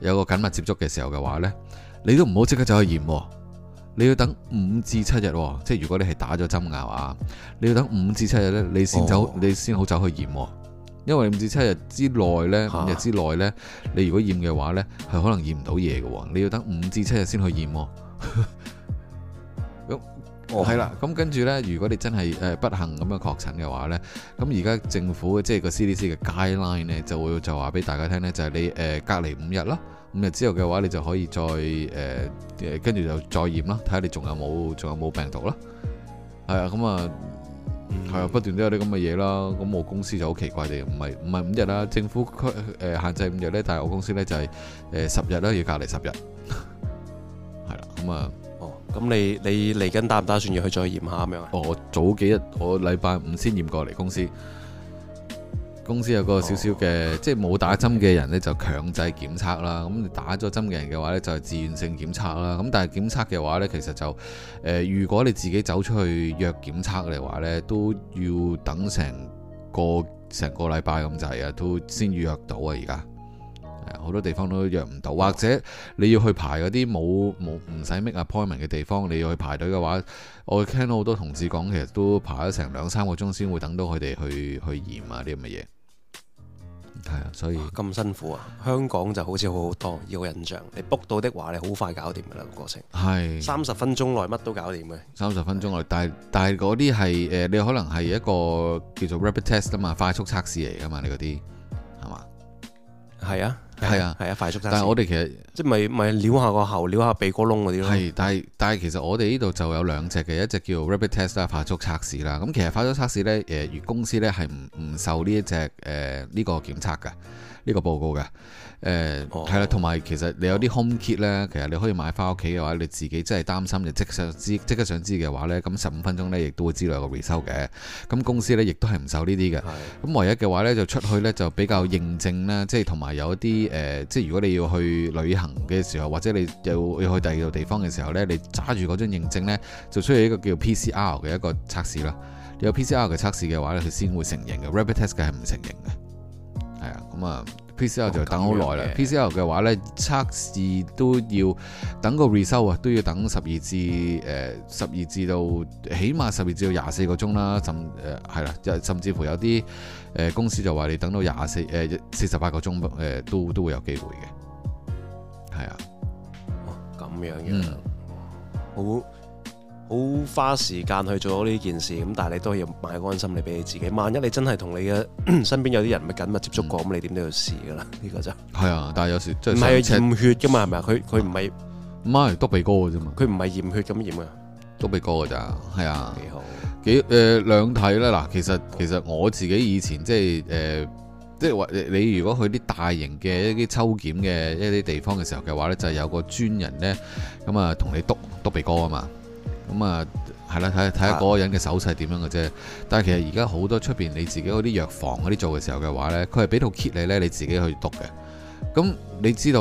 有個緊密接觸嘅時候嘅話呢，你都唔好即刻走去驗，你要等五至七日，即係如果你係打咗針啊，你要等五至七日呢，你先走，你先好走去驗。因為五至七日之內呢，五日之內呢，啊、你如果驗嘅話呢，係可能驗唔到嘢嘅喎。你要等五至七日先去驗喎、哦。咁、 <laughs> 哦，係啦。 <laughs> 咁跟住呢，如果你真係誒不幸咁樣確診嘅話呢，咁而家政府即係、就、個、是、CDC 嘅 guideline 呢，就會就話俾大家聽呢，就係你誒隔離五日啦。五日之後嘅話，你就可以再誒跟住就再驗啦，睇下你仲有冇仲有冇病毒啦。係啊、嗯，咁啊。嗯係啊、嗯，不斷都有啲咁嘅嘢啦。咁我公司就好奇怪地，唔係唔係五日啦，政府誒限制五日咧，但係我公司咧就係誒十日啦，要隔離十日。係 <laughs> 啦，咁、嗯、啊。哦，咁你你嚟緊打唔打算要去再驗下咁樣啊？我早幾日我禮拜五先驗過嚟公司。公司有個少少嘅，oh. 即係冇打針嘅人呢，的人的就強制檢測啦。咁打咗針嘅人嘅話呢，就係自願性檢測啦。咁但係檢測嘅話呢，其實就誒、呃，如果你自己走出去約檢測嘅話呢，都要等成個成個禮拜咁滯啊，都先預約到啊而家。好多地方都約唔到，或者你要去排嗰啲冇冇唔使 make appointment 嘅地方，你要去排隊嘅話，我聽到好多同事講，其實都排咗成兩三個鐘先會等到佢哋去去驗啊啲咁嘅嘢。係啊，所以咁辛苦啊！香港就好似好好多，要印象。你 book 到的話，你好快搞掂噶啦，個過程，係三十分鐘內乜都搞掂嘅。三十分鐘內，但係但係嗰啲係誒，你可能係一個叫做 rapid test 啊嘛，快速測試嚟噶嘛，你嗰啲係嘛？係啊。係啊，係啊，快速測試但，但係我哋其實即係咪咪撩下個喉，撩下鼻哥窿嗰啲咯。係，但係但係其實我哋呢度就有兩隻嘅，一隻叫 Rabbit test 啦，快速測試啦。咁其實快速測試咧，誒，如公司咧係唔唔受呢一隻誒呢個檢測㗎。呃這個呢個報告嘅，誒係啦，同埋、哦、其實你有啲 Home Kit 咧，其實你可以買翻屋企嘅話，你自己真係擔心，就即刻想知，即刻想知嘅話咧，咁十五分鐘咧，亦都會知道有個回收嘅。咁公司咧，亦都係唔受的、嗯、呢啲嘅。咁唯一嘅話咧，就出去咧就比較認證啦，即係同埋有一啲誒、呃，即係如果你要去旅行嘅時候，或者你有要去第二度地方嘅時候咧，你揸住嗰張認證咧，就出去一個叫 PCR 嘅一個測試啦。有 PCR 嘅測試嘅話咧，佢先會承形嘅。r a b b i t test 嘅係唔承形嘅。係啊，咁啊 PCR 就等好耐啦。PCR 嘅話咧，測試都要等個結果啊，都要等十二至誒十二至到起碼十二至到廿四個鐘啦，甚誒係啦，甚至乎有啲誒、呃、公司就話你等到廿四誒四十八個鐘誒、呃、都都會有機會嘅，係啊。咁樣嘅，好。好花時間去做呢件事咁，但係你都要買安心嚟俾你自己。萬一你真係同你嘅身邊有啲人咪緊密接觸過，咁、嗯、你點都要試㗎啦。呢、呢個啫係啊，但係有時即係唔係驗血㗎嘛？係咪佢佢唔係唔係篤鼻哥㗎啫嘛？佢唔係驗血咁驗啊，篤鼻哥㗎咋，係啊，幾好，幾誒兩睇啦嗱。其實其實我自己以前即係誒即係話你如果去啲大型嘅一啲抽檢嘅一啲地方嘅時候嘅話咧，就係、係、有個專人咧咁啊，同你篤篤鼻哥啊嘛。咁啊，係啦、嗯，睇下睇下嗰個人嘅手勢點樣嘅啫。但係其實而家好多出邊你自己嗰啲藥房嗰啲做嘅時候嘅話呢，佢係俾套 kit 你呢，你自己去篤嘅。咁你知道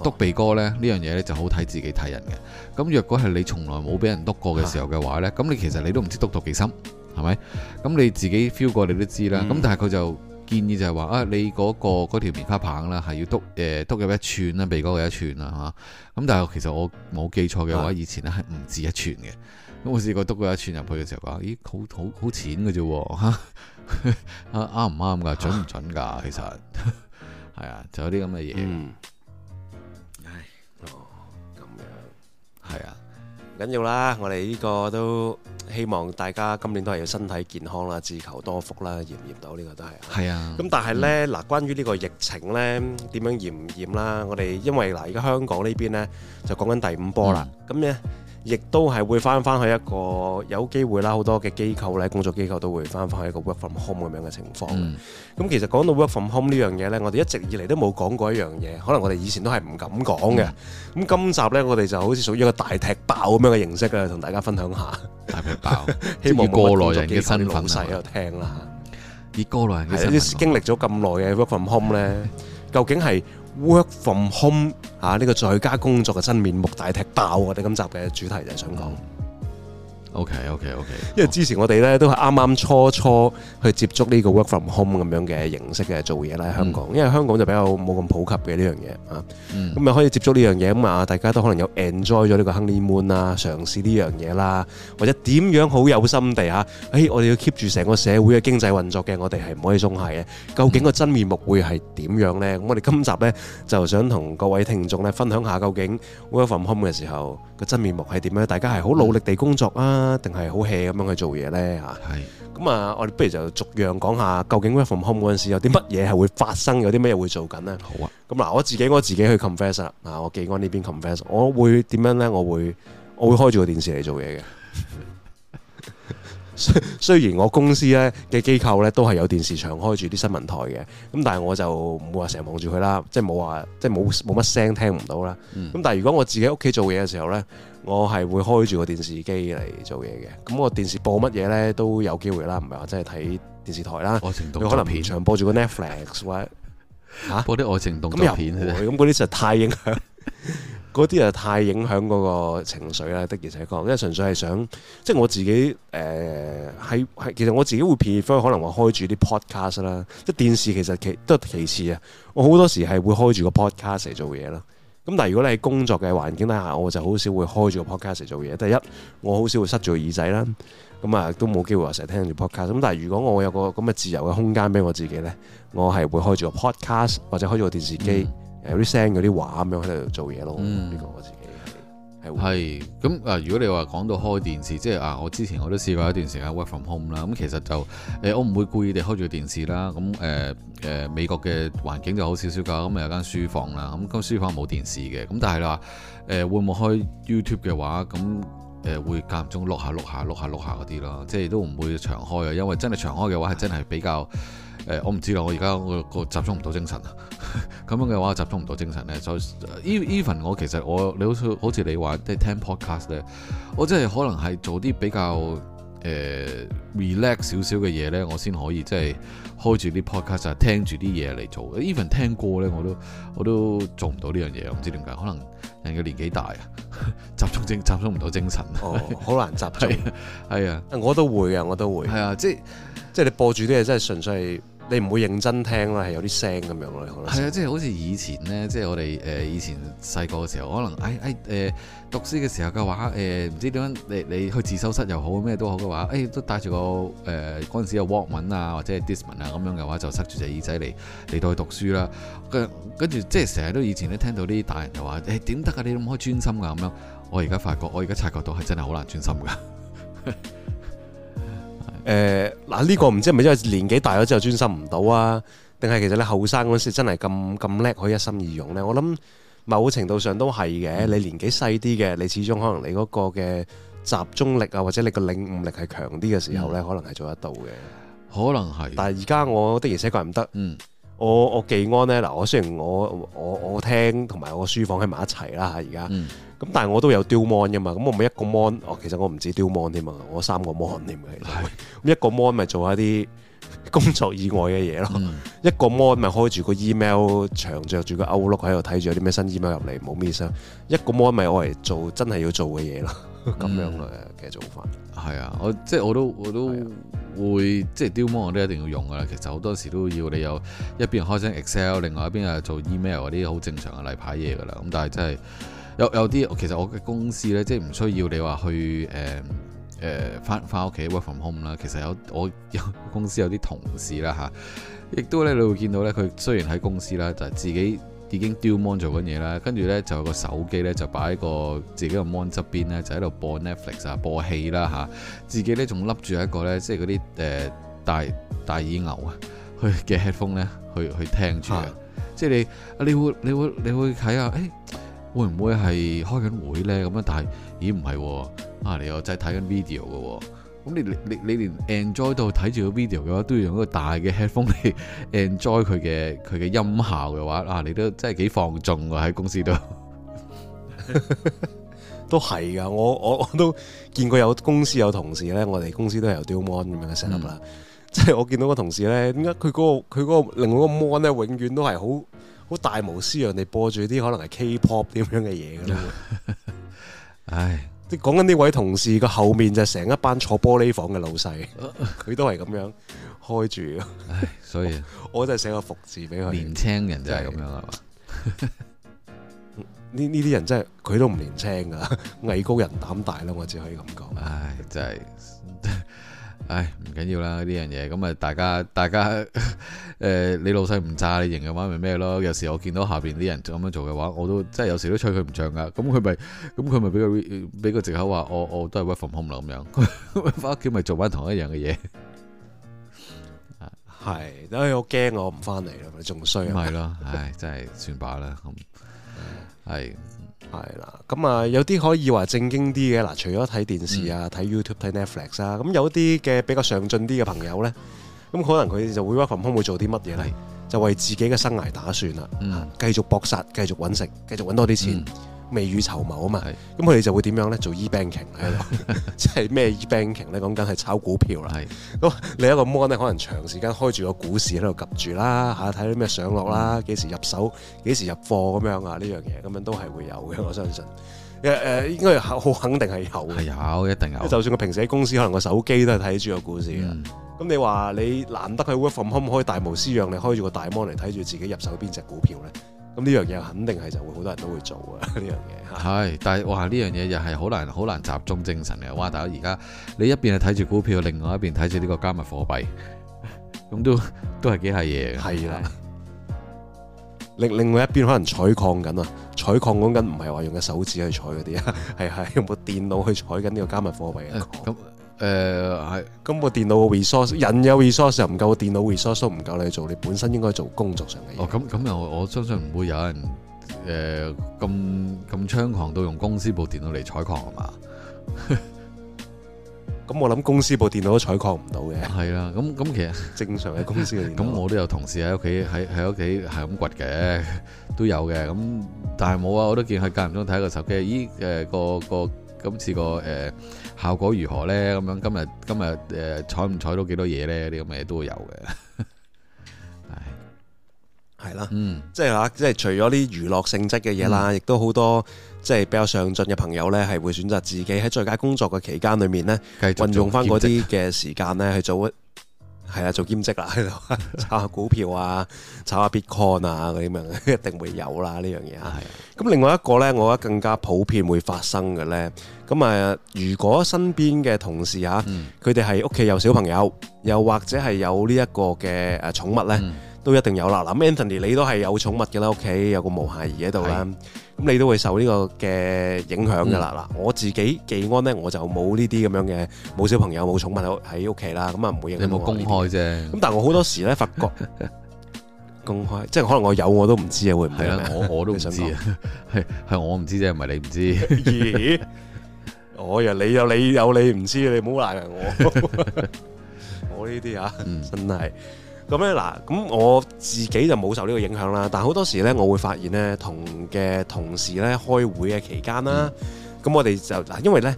篤鼻哥呢呢樣嘢呢，就好睇自己睇人嘅。咁若果係你從來冇俾人篤過嘅時候嘅話呢，咁你其實你都唔知篤到幾深，係咪？咁你自己 feel 過你都知啦。咁、嗯、但係佢就。建議就係話啊，你嗰、嗰個嗰條棉花棒啦，係、啊、要篤誒篤入一寸啦，鼻哥嗰一寸啦嚇。咁、啊、但係其實我冇記錯嘅話，以前咧係唔止一寸嘅。咁、啊、我試過篤過一寸入去嘅時候，話咦好好好淺嘅啫喎嚇啊啱唔啱㗎？準唔準㗎？其實係啊，就有啲咁嘅嘢。嗯。唉，哦，咁樣係啊。緊要啦！我哋呢個都希望大家今年都係要身體健康啦，自求多福啦，驗唔驗到呢個都係。係啊，咁但係呢，嗱、嗯，關於呢個疫情呢，點樣嚴唔嚴啦？我哋因為嗱，而家香港呢邊呢，就講緊第五波啦，咁呢、嗯。亦都係會返返去一個有機會啦，好多嘅機構咧，工作機構都會返返去一個 work from home 咁樣嘅情況。咁其實講到 work from home 呢樣嘢咧，我哋一直以嚟都冇講過一樣嘢，可能我哋以前都係唔敢講嘅。咁今集咧，我哋就好似屬於一個大踢爆咁樣嘅形式啊，同大家分享下大踢爆，希望過來人嘅身份喺度聽啦。以過來人嘅身份，經歷咗咁耐嘅 work from home 咧，究竟係 work from home？嚇！呢個在家工作嘅真面目大踢爆啊！我哋今集嘅主題就係想講。OK，OK，OK。Okay, okay, okay. 因為之前我哋咧都係啱啱初初去接觸呢個 work from home 咁樣嘅形式嘅做嘢啦，喺香港。嗯、因為香港就比較冇咁普及嘅呢、嗯、樣嘢啊。咁又可以接觸呢樣嘢，咁啊大家都可能有 enjoy 咗呢個 honey moon 啦，嘗試呢樣嘢啦，或者點樣好有心地嚇？誒、哎，我哋要 keep 住成個社會嘅經濟運作嘅，我哋係唔可以鬆懈嘅。究竟個真面目會係點樣呢？我哋今集呢，就想同各位聽眾咧分享下，究竟 work from home 嘅時候個真面目係點樣？大家係好努力地工作、嗯、啊！定係好 hea 咁樣去做嘢呢？吓是，咁啊，我哋不如就逐樣講下，究竟 Work From Home 嗰陣時有啲乜嘢係會發生，有啲咩會做緊呢？好啊，咁嗱，我自己我自己去 confess 啦，啊，我技安呢邊 confess，我會點樣呢？我會我會開住個電視嚟做嘢嘅。 <laughs> 雖然我公司咧嘅機構咧都係有電視長開住啲新聞台嘅，咁但係我就唔會話成日望住佢啦，即係冇話即係冇冇乜聲聽唔到啦。咁、嗯、但係如果我自己屋企做嘢嘅時候咧，我係會開住、個電視機嚟做嘢嘅。咁我電視播乜嘢咧都有機會啦，唔係話真係睇電視台啦，我動可能平常播住個 Netflix 或者、 <laughs> 啊、播啲愛情動作片咁嗰啲實太影響。 <laughs> 嗰啲啊太影響嗰個情緒啦，的而且確，因為純粹係想，即係我自己誒喺係，其實我自己會 prefer 可能話開住啲 podcast 啦，即係電視其實其都係其次啊。我好多時係會開住個 podcast 嚟做嘢啦。咁但係如果你喺工作嘅環境底下，我就好少會開住個 podcast 嚟做嘢。第一，我好少會塞住個耳仔啦，咁啊都冇機會話成日聽住 podcast。咁但係如果我有個咁嘅自由嘅空間俾我自己咧，我係會開住個 podcast 或者開住個電視機。嗯有啲聲嗰啲畫咁樣喺度做嘢咯，呢、嗯、個我自己係咁啊！如果你話講到開電視，即係啊，我之前我都試過一段時間 work from home 啦。咁其實就誒、呃，我唔會故意地開住電視啦。咁誒誒，美國嘅環境就好少少㗎。咁、嗯、有間書房啦，咁、嗯、間書房冇電視嘅。咁但係啦，誒、呃、會唔會開 YouTube 嘅話，咁、嗯、誒會間唔中碌下碌下碌下碌下嗰啲咯。即係都唔會長開啊，因為真係長開嘅話係真係比較。誒，我唔知啦，我而家我個集中唔到精神啊，咁樣嘅話集中唔到精神咧，就 even 我其實我你好似好似你話即係聽 podcast 咧，我真係可能係做啲比較誒 relax 少少嘅嘢咧，我先可以即係開住啲 podcast 啊，聽住啲嘢嚟做。even 聽歌咧，我都我都做唔到呢樣嘢，唔知點解，可能人嘅年紀大啊，集中精集中唔到精神，哦，好難集中，係啊，我都會啊，我都會，係啊，即係即係你播住啲嘢，真係純粹。你唔會認真聽啦，係有啲聲咁樣咯。係啊，即係好似以前咧，即係我哋誒、呃、以前細個嘅時候，可能誒誒誒讀書嘅時候嘅話，誒、呃、唔知點樣，你你去自修室又好，咩都好嘅話，誒、哎、都戴住個誒嗰陣時嘅 Walkman 啊，或者係 Discman 啊咁樣嘅話，就塞住隻耳仔嚟嚟到去讀書啦。跟跟住即係成日都以前都聽到啲大人就話誒點得啊？你唔可以專心㗎咁樣。我而家發覺，我而家察覺到係真係好難專心㗎。 <laughs> 誒，嗱呢、呃，這個唔知係咪因為年紀大咗之後專心唔到啊？定係其實你後生嗰時真係咁咁叻，可以一心二用咧？我諗某程度上都係嘅。嗯、你年紀細啲嘅，你始終可能你嗰個嘅集中力啊，或者你個領悟力係強啲嘅時候咧，嗯、可能係做得到嘅。可能係。但係而家我的而且確係唔得。嗯、我我技安咧，嗱，我雖然我我我，我聽同埋我書房喺埋一齊啦吓，而家。嗯咁但係我都有丟 mon 噶嘛，咁、嗯、我咪一個 mon，哦，其實我唔止丟 mon 添啊，我三個 mon 添嘅，咁一個 mon 咪做一啲工作以外嘅嘢咯，一個 mon 咪開住個 email，長着住個 outlook 喺度睇住有啲咩新 email 入嚟，冇咩聲，一個 mon 咪我嚟做真係要做嘅嘢咯，咁、嗯、樣嘅做法，係啊，我即係、就是、我都我都會即係丟 mon 我都一定要用噶啦，其實好多時都要你有一邊開緊 excel，另外一邊啊做 email 嗰啲好正常嘅例牌嘢噶啦，咁但係真係。有有啲，其實我嘅公司咧，即係唔需要你話去誒誒翻翻屋企 work from home 啦。其實有我有公司有啲同事啦，嚇、啊，亦都咧，你會見到咧，佢雖然喺公司啦，就自己已經吊 mon 做緊嘢啦，嗯、跟住咧就有個手機咧就擺喺個自己個 mon 側邊咧，就喺度播 Netflix 啊，播戲啦嚇。自己咧仲笠住一個咧，即係嗰啲誒大大耳牛啊，去嘅 headphone 咧，去去聽住嘅。啊、即係你你會你會你會睇下，誒？哎會唔會係開緊會咧咁樣、哦、啊？但係咦唔係，啊你又真係睇緊 video 嘅，咁你你你連 enjoy 到睇住個 video 嘅話，都要用一個大嘅 headphone 嚟 enjoy 佢嘅佢嘅音效嘅話，啊你都真係幾放縱啊！喺公司度 <laughs> <laughs> 都係噶，我我我都見過有公司有同事咧，我哋公司都係有 double mon 咁樣嘅 set 啦。即係、嗯、我見到個同事咧，點解佢嗰個佢嗰、嗰個另外個 mon 咧，永遠都係好。好大模斯樣，你播住啲可能係 K-pop 點樣嘅嘢噶啦， <laughs> 唉！即講緊呢位同事個後面就成一班坐玻璃房嘅老細，佢 <laughs> 都係咁樣開住，唉！所以我真係寫個服字俾佢。年青人就係咁樣係嘛？呢呢啲人真係佢都唔年青噶，藝 <laughs> 高人膽大咯，我只可以咁講。唉，真係。 <laughs> 唉，唔緊要啦呢樣嘢，咁啊大家大家，誒、 <laughs> 呃、你老細唔炸你型嘅話，咪咩咯？有時我見到下邊啲人咁樣做嘅話，我都即係有時都吹佢唔唱噶，咁佢咪咁佢咪俾個俾個藉口話我我都係 work f 咁樣翻屋企咪做翻同一樣嘅嘢。係，唉，我驚我唔翻嚟啦，仲衰啊！係咯，唉，真係算吧啦，咁係。係啦，咁啊有啲可以話正經啲嘅嗱，除咗睇電視啊、睇、嗯、YouTube、睇 Netflix 啊，咁有啲嘅比較上進啲嘅朋友呢，咁可能佢就會 Work From Home，會做啲乜嘢呢？就為自己嘅生涯打算啦，繼、嗯、續搏殺，繼續揾食，繼續揾多啲錢。未雨綢繆啊嘛，咁佢哋就會點樣咧？做 e banking 喺度，即係咩 e banking 咧？講緊係炒股票啦。咁的 <laughs> 你一個 mon 咧，可能長時間開住個股市喺度及住啦，吓睇啲咩上落啦，幾時入手，幾時入貨咁樣啊？呢樣嘢咁樣都係會有嘅，我相信。誒、呃、誒，應該好肯定係有。係有，一定有。就算佢平時喺公司，可能個手機都係睇住個股市嘅。咁的你話你難得佢 work from home 可以大模私讓你開住個大 mon 嚟睇住自己入手邊隻股票咧？咁呢樣嘢肯定係就會好多人都會做啊！呢樣嘢係，但係哇，呢樣嘢又係好難好難集中精神嘅。哇！大家而家你一邊係睇住股票，另外一邊睇住呢個加密貨幣，咁都都係幾係嘢嘅。係啦的，另的另外一邊可能採礦緊啊，採礦嗰陣唔係話用隻手指去採嗰啲啊，係係用部電腦去採緊呢個加密貨幣嘅。啊。誒係，咁個電腦個 resource，人有 resource 又唔夠，電腦 resource 唔夠，你做你本身應該做工作上嘅嘢。哦，咁咁又我相信唔會有人誒咁咁猖狂到用公司部電腦嚟採礦係嘛？咁我諗公司部電腦都採礦唔到嘅。係啊，咁咁其實正常嘅公司嘅，咁我都有同事喺屋企，喺喺屋企係咁掘嘅，都有嘅。咁但係冇啊，我都見佢間唔中睇個手機，咦誒個個今次個誒。效果如何呢？咁樣今日今日誒採唔採到幾多嘢呢？啲咁嘅嘢都會有嘅 <laughs> 的。係係啦，嗯，即係嚇，即係除咗啲娛樂性質嘅嘢啦，嗯、亦都好多即係、就是、比較上進嘅朋友呢，係會選擇自己喺在家工作嘅期間裏面呢，算運用翻嗰啲嘅時間呢算去做係啊，做兼職啦，喺度炒下股票啊，炒下 Bitcoin 啊，嗰啲咪一定會有啦呢樣嘢啊。咁的另外一個呢，我覺得更加普遍會發生嘅呢。咁啊，如果身邊嘅同事嚇、啊，佢哋係屋企有小朋友，又或者係有呢一個嘅誒寵物呢。嗯都一定有啦，嗱，Anthony，你都係有寵物嘅啦，屋企有個毛孩兒喺度啦，咁你都會受呢個嘅影響噶啦，嗱，我自己技安咧，我就冇呢啲咁樣嘅，冇小朋友，冇寵物喺屋企啦，咁啊唔會影響公開啫，咁但係我好多時咧，發覺公開，即係可能我有我都唔知啊，會唔會咧？我我都唔知啊，係係我唔知啫，唔係你唔知，我啊你有你有你唔知，你唔好賴人我，我呢啲啊，真係。咁咧嗱，咁我自己就冇受呢個影響啦。但好多時咧，我會發現咧，同嘅同事咧開會嘅期間啦，咁、嗯、我哋就嗱，因為咧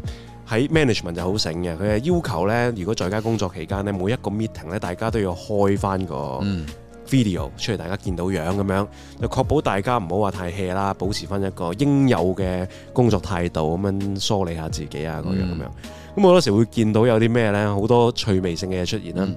喺 management 就好醒嘅，佢係要求咧，如果在家工作期間咧，每一個 meeting 咧，大家都要開翻個 video、嗯、出嚟，大家見到樣咁樣，就確保大家唔好話太 hea 啦，保持翻一個應有嘅工作態度，咁樣梳理下自己啊，嗰樣咁樣。咁好、嗯、多時會見到有啲咩咧，好多趣味性嘅嘢出現啦。嗯嗯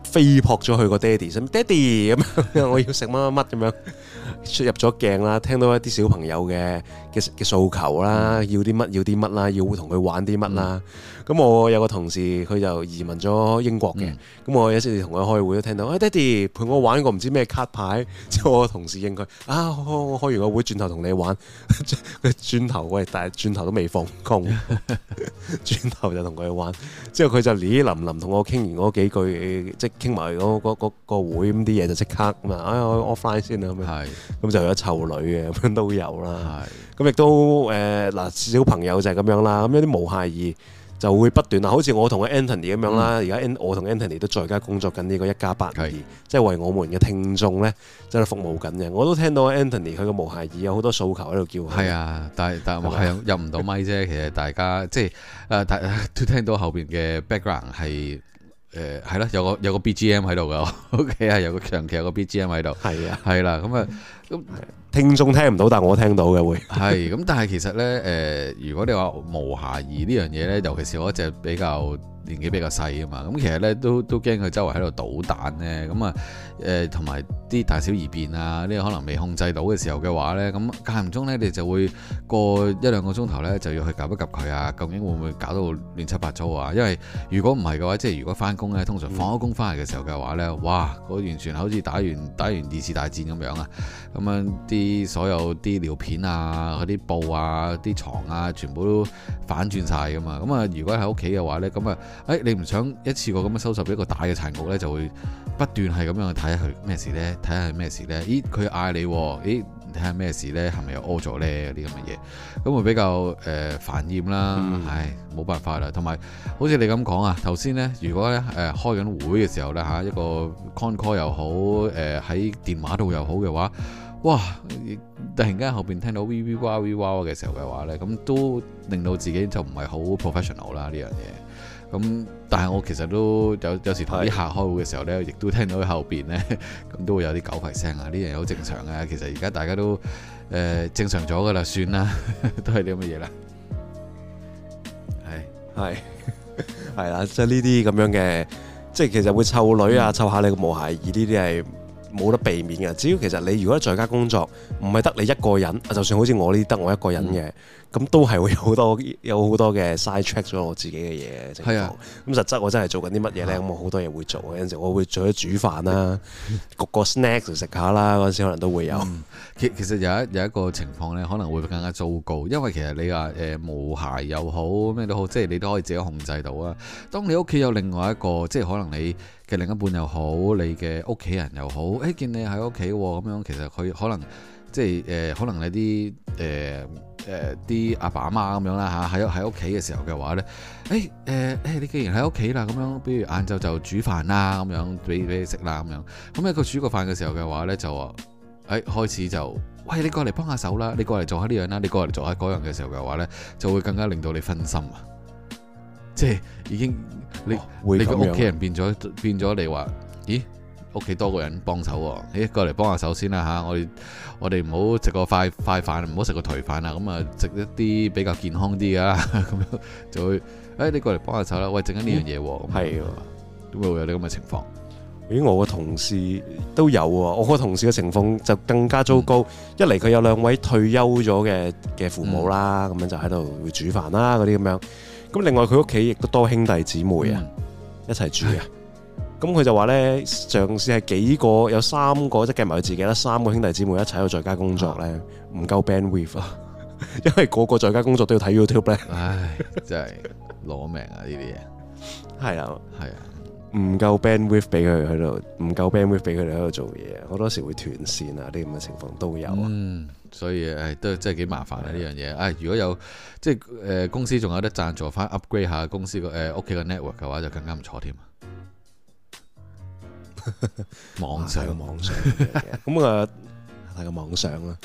飛撲咗去個爹哋，想爹哋咁，我要食乜乜乜咁樣，出入咗鏡啦，聽到一啲小朋友嘅嘅嘅訴求啦，要啲乜要啲乜啦，要同佢玩啲乜啦，咁我有個同事佢就移民咗英國嘅，咁我有時同佢開會都聽到，喂，爹哋陪我玩個唔知咩卡牌，之後我同事應佢，啊我開完個會轉頭同你玩，轉頭喂，但係轉頭都未放工，轉頭就同佢玩，之後佢就零零林林同我傾完嗰幾句即。傾埋嗰嗰嗰個會咁啲嘢就即刻咁啊！哎，我 offline 先啊咁樣，咁就有啲湊女嘅咁樣都有啦。咁亦都誒嗱，小朋友就係咁樣啦。咁有啲無懈意就會不斷啦。好似我同阿 Anthony 咁樣啦，而家我同 Anthony 都在家工作緊呢個一家八，即係為我們嘅聽眾咧，真係服務緊嘅。我都聽到 Anthony 佢嘅無懈意有好多訴求喺度叫。係啊，但係但係入唔到咪啫。其實大家即係誒，都聽到後邊嘅 background 係。誒係咯，有個有個 BGM 喺度嘅，OK 啊，有個長期 <laughs> 有個 BGM 喺度，係啊，係啦，咁、嗯、啊，咁聽眾聽唔到，但我聽到嘅會係，咁、 <laughs> 嗯、但係其實咧，誒、呃，如果你話無瑕疑呢樣嘢咧， <laughs> 尤其是我一隻比較。年紀比較細啊嘛，咁其實呢都都驚佢周圍喺度搗蛋呢。咁啊誒同埋啲大小二便啊，呢個可能未控制到嘅時候嘅話呢，咁間唔中呢，你就會過一兩個鐘頭呢，就要去夾一夾佢啊，究竟會唔會搞到亂七八糟啊？因為如果唔係嘅話，即係如果翻工呢，通常放咗工翻嚟嘅時候嘅話呢，哇！嗰個完全好似打完打完二次大戰咁樣啊，咁樣啲所有啲尿片啊、嗰啲布啊、啲床啊，全部都反轉曬啊嘛，咁啊如果喺屋企嘅話呢。咁啊～誒、哎，你唔想一次過咁樣收拾一個大嘅殘局咧，就會不斷係咁樣睇下佢咩事咧？睇下係咩事咧？咦，佢嗌你咦？睇下咩事咧？係咪又屙咗咧？啲咁嘅嘢，咁會比較誒、呃、煩厭啦。唉、哎，冇辦法啦。同埋好似你咁講啊，頭先咧，如果咧誒、呃、開緊會嘅時候咧嚇一個 con call 又好，誒、呃、喺電話度又好嘅話，哇！突然間後邊聽到 wee wee 哇 wee 哇嘅時候嘅話咧，咁都令到自己就唔係好 professional 啦呢樣嘢。咁，但係我其實都有有時同啲客開會嘅時候咧，亦都聽到喺後邊咧，咁都會有啲狗吠聲啊！呢樣嘢好正常啊，其實而家大家都誒正常咗噶啦，算啦，都係啲咁嘅嘢啦。係係係啦，即係呢啲咁樣嘅，即係其實會湊女啊，湊下你個無鞋，而呢啲係冇得避免嘅。只要其實你如果在家工作，唔係得你一個人，就算好似我呢，得我一個人嘅。咁都係會有好多，有好多嘅 side check 咗我自己嘅嘢係啊，咁實質我真係做緊啲乜嘢呢？咁我好多嘢會做，有陣時我會做咗煮飯啦，焗個 snacks 食下啦。嗰陣時可能都會有。其其實有一有一個情況呢，可能會更加糟糕，因為其實你話誒無鞋又好，咩都好，即係你都可以自己控制到啊。當你屋企有另外一個，即係可能你嘅另一半又好，你嘅屋企人又好，誒、哎、見你喺屋企咁樣，其實佢可能。即係誒、呃，可能你啲誒誒啲阿爸阿媽咁樣啦嚇，喺喺屋企嘅時候嘅話咧，誒誒誒，你既然喺屋企啦咁樣，比如晏晝就煮飯啦咁樣，俾俾你食啦咁樣。咁喺佢煮個飯嘅時候嘅話咧，就話誒、欸、開始就，喂，你過嚟幫下手啦，你過嚟做下呢樣啦，你過嚟做下嗰樣嘅時候嘅話咧，就會更加令到你分心啊！即係已經你這你個屋企人變咗變咗，你話咦？屋企多個人幫手，誒、哎、過嚟幫下手先啦嚇！我哋我哋唔好食個快快飯，唔好食個頹飯啦，咁啊食一啲比較健康啲啊，咁 <laughs> 樣就會誒、哎、你過嚟幫下手啦！喂，整緊呢樣嘢喎，係的會有啲咁嘅情況。咦、欸，我個同事都有喎，我個同事嘅情況就更加糟糕。嗯、一嚟佢有兩位退休咗嘅嘅父母啦，咁、嗯、樣就喺度煮飯啦嗰啲咁樣。咁另外佢屋企亦都多兄弟姊妹啊，嗯、一齊住。啊。 <laughs> 咁佢、嗯、就話咧，上次係幾個有三個，即係計埋佢自己啦，三個兄弟姊妹一齊喺度在家工作咧，唔夠 bandwidth 啊夠 band！因為個個在家工作都要睇 YouTube 咧，唉，真係攞命啊！呢啲嘢係啊，係啊的，唔夠 bandwidth 俾佢喺度，唔夠 bandwidth 俾佢哋喺度做嘢，好多時會斷線啊！啲咁嘅情況都有啊，嗯、所以誒、哎、都真係幾麻煩啊！呢樣嘢啊，如果有即係誒、呃、公司仲有得贊助翻 upgrade 下公司個誒屋、呃、企個 network 嘅話，就更加唔錯添。網上，網上咁啊係個網上啦。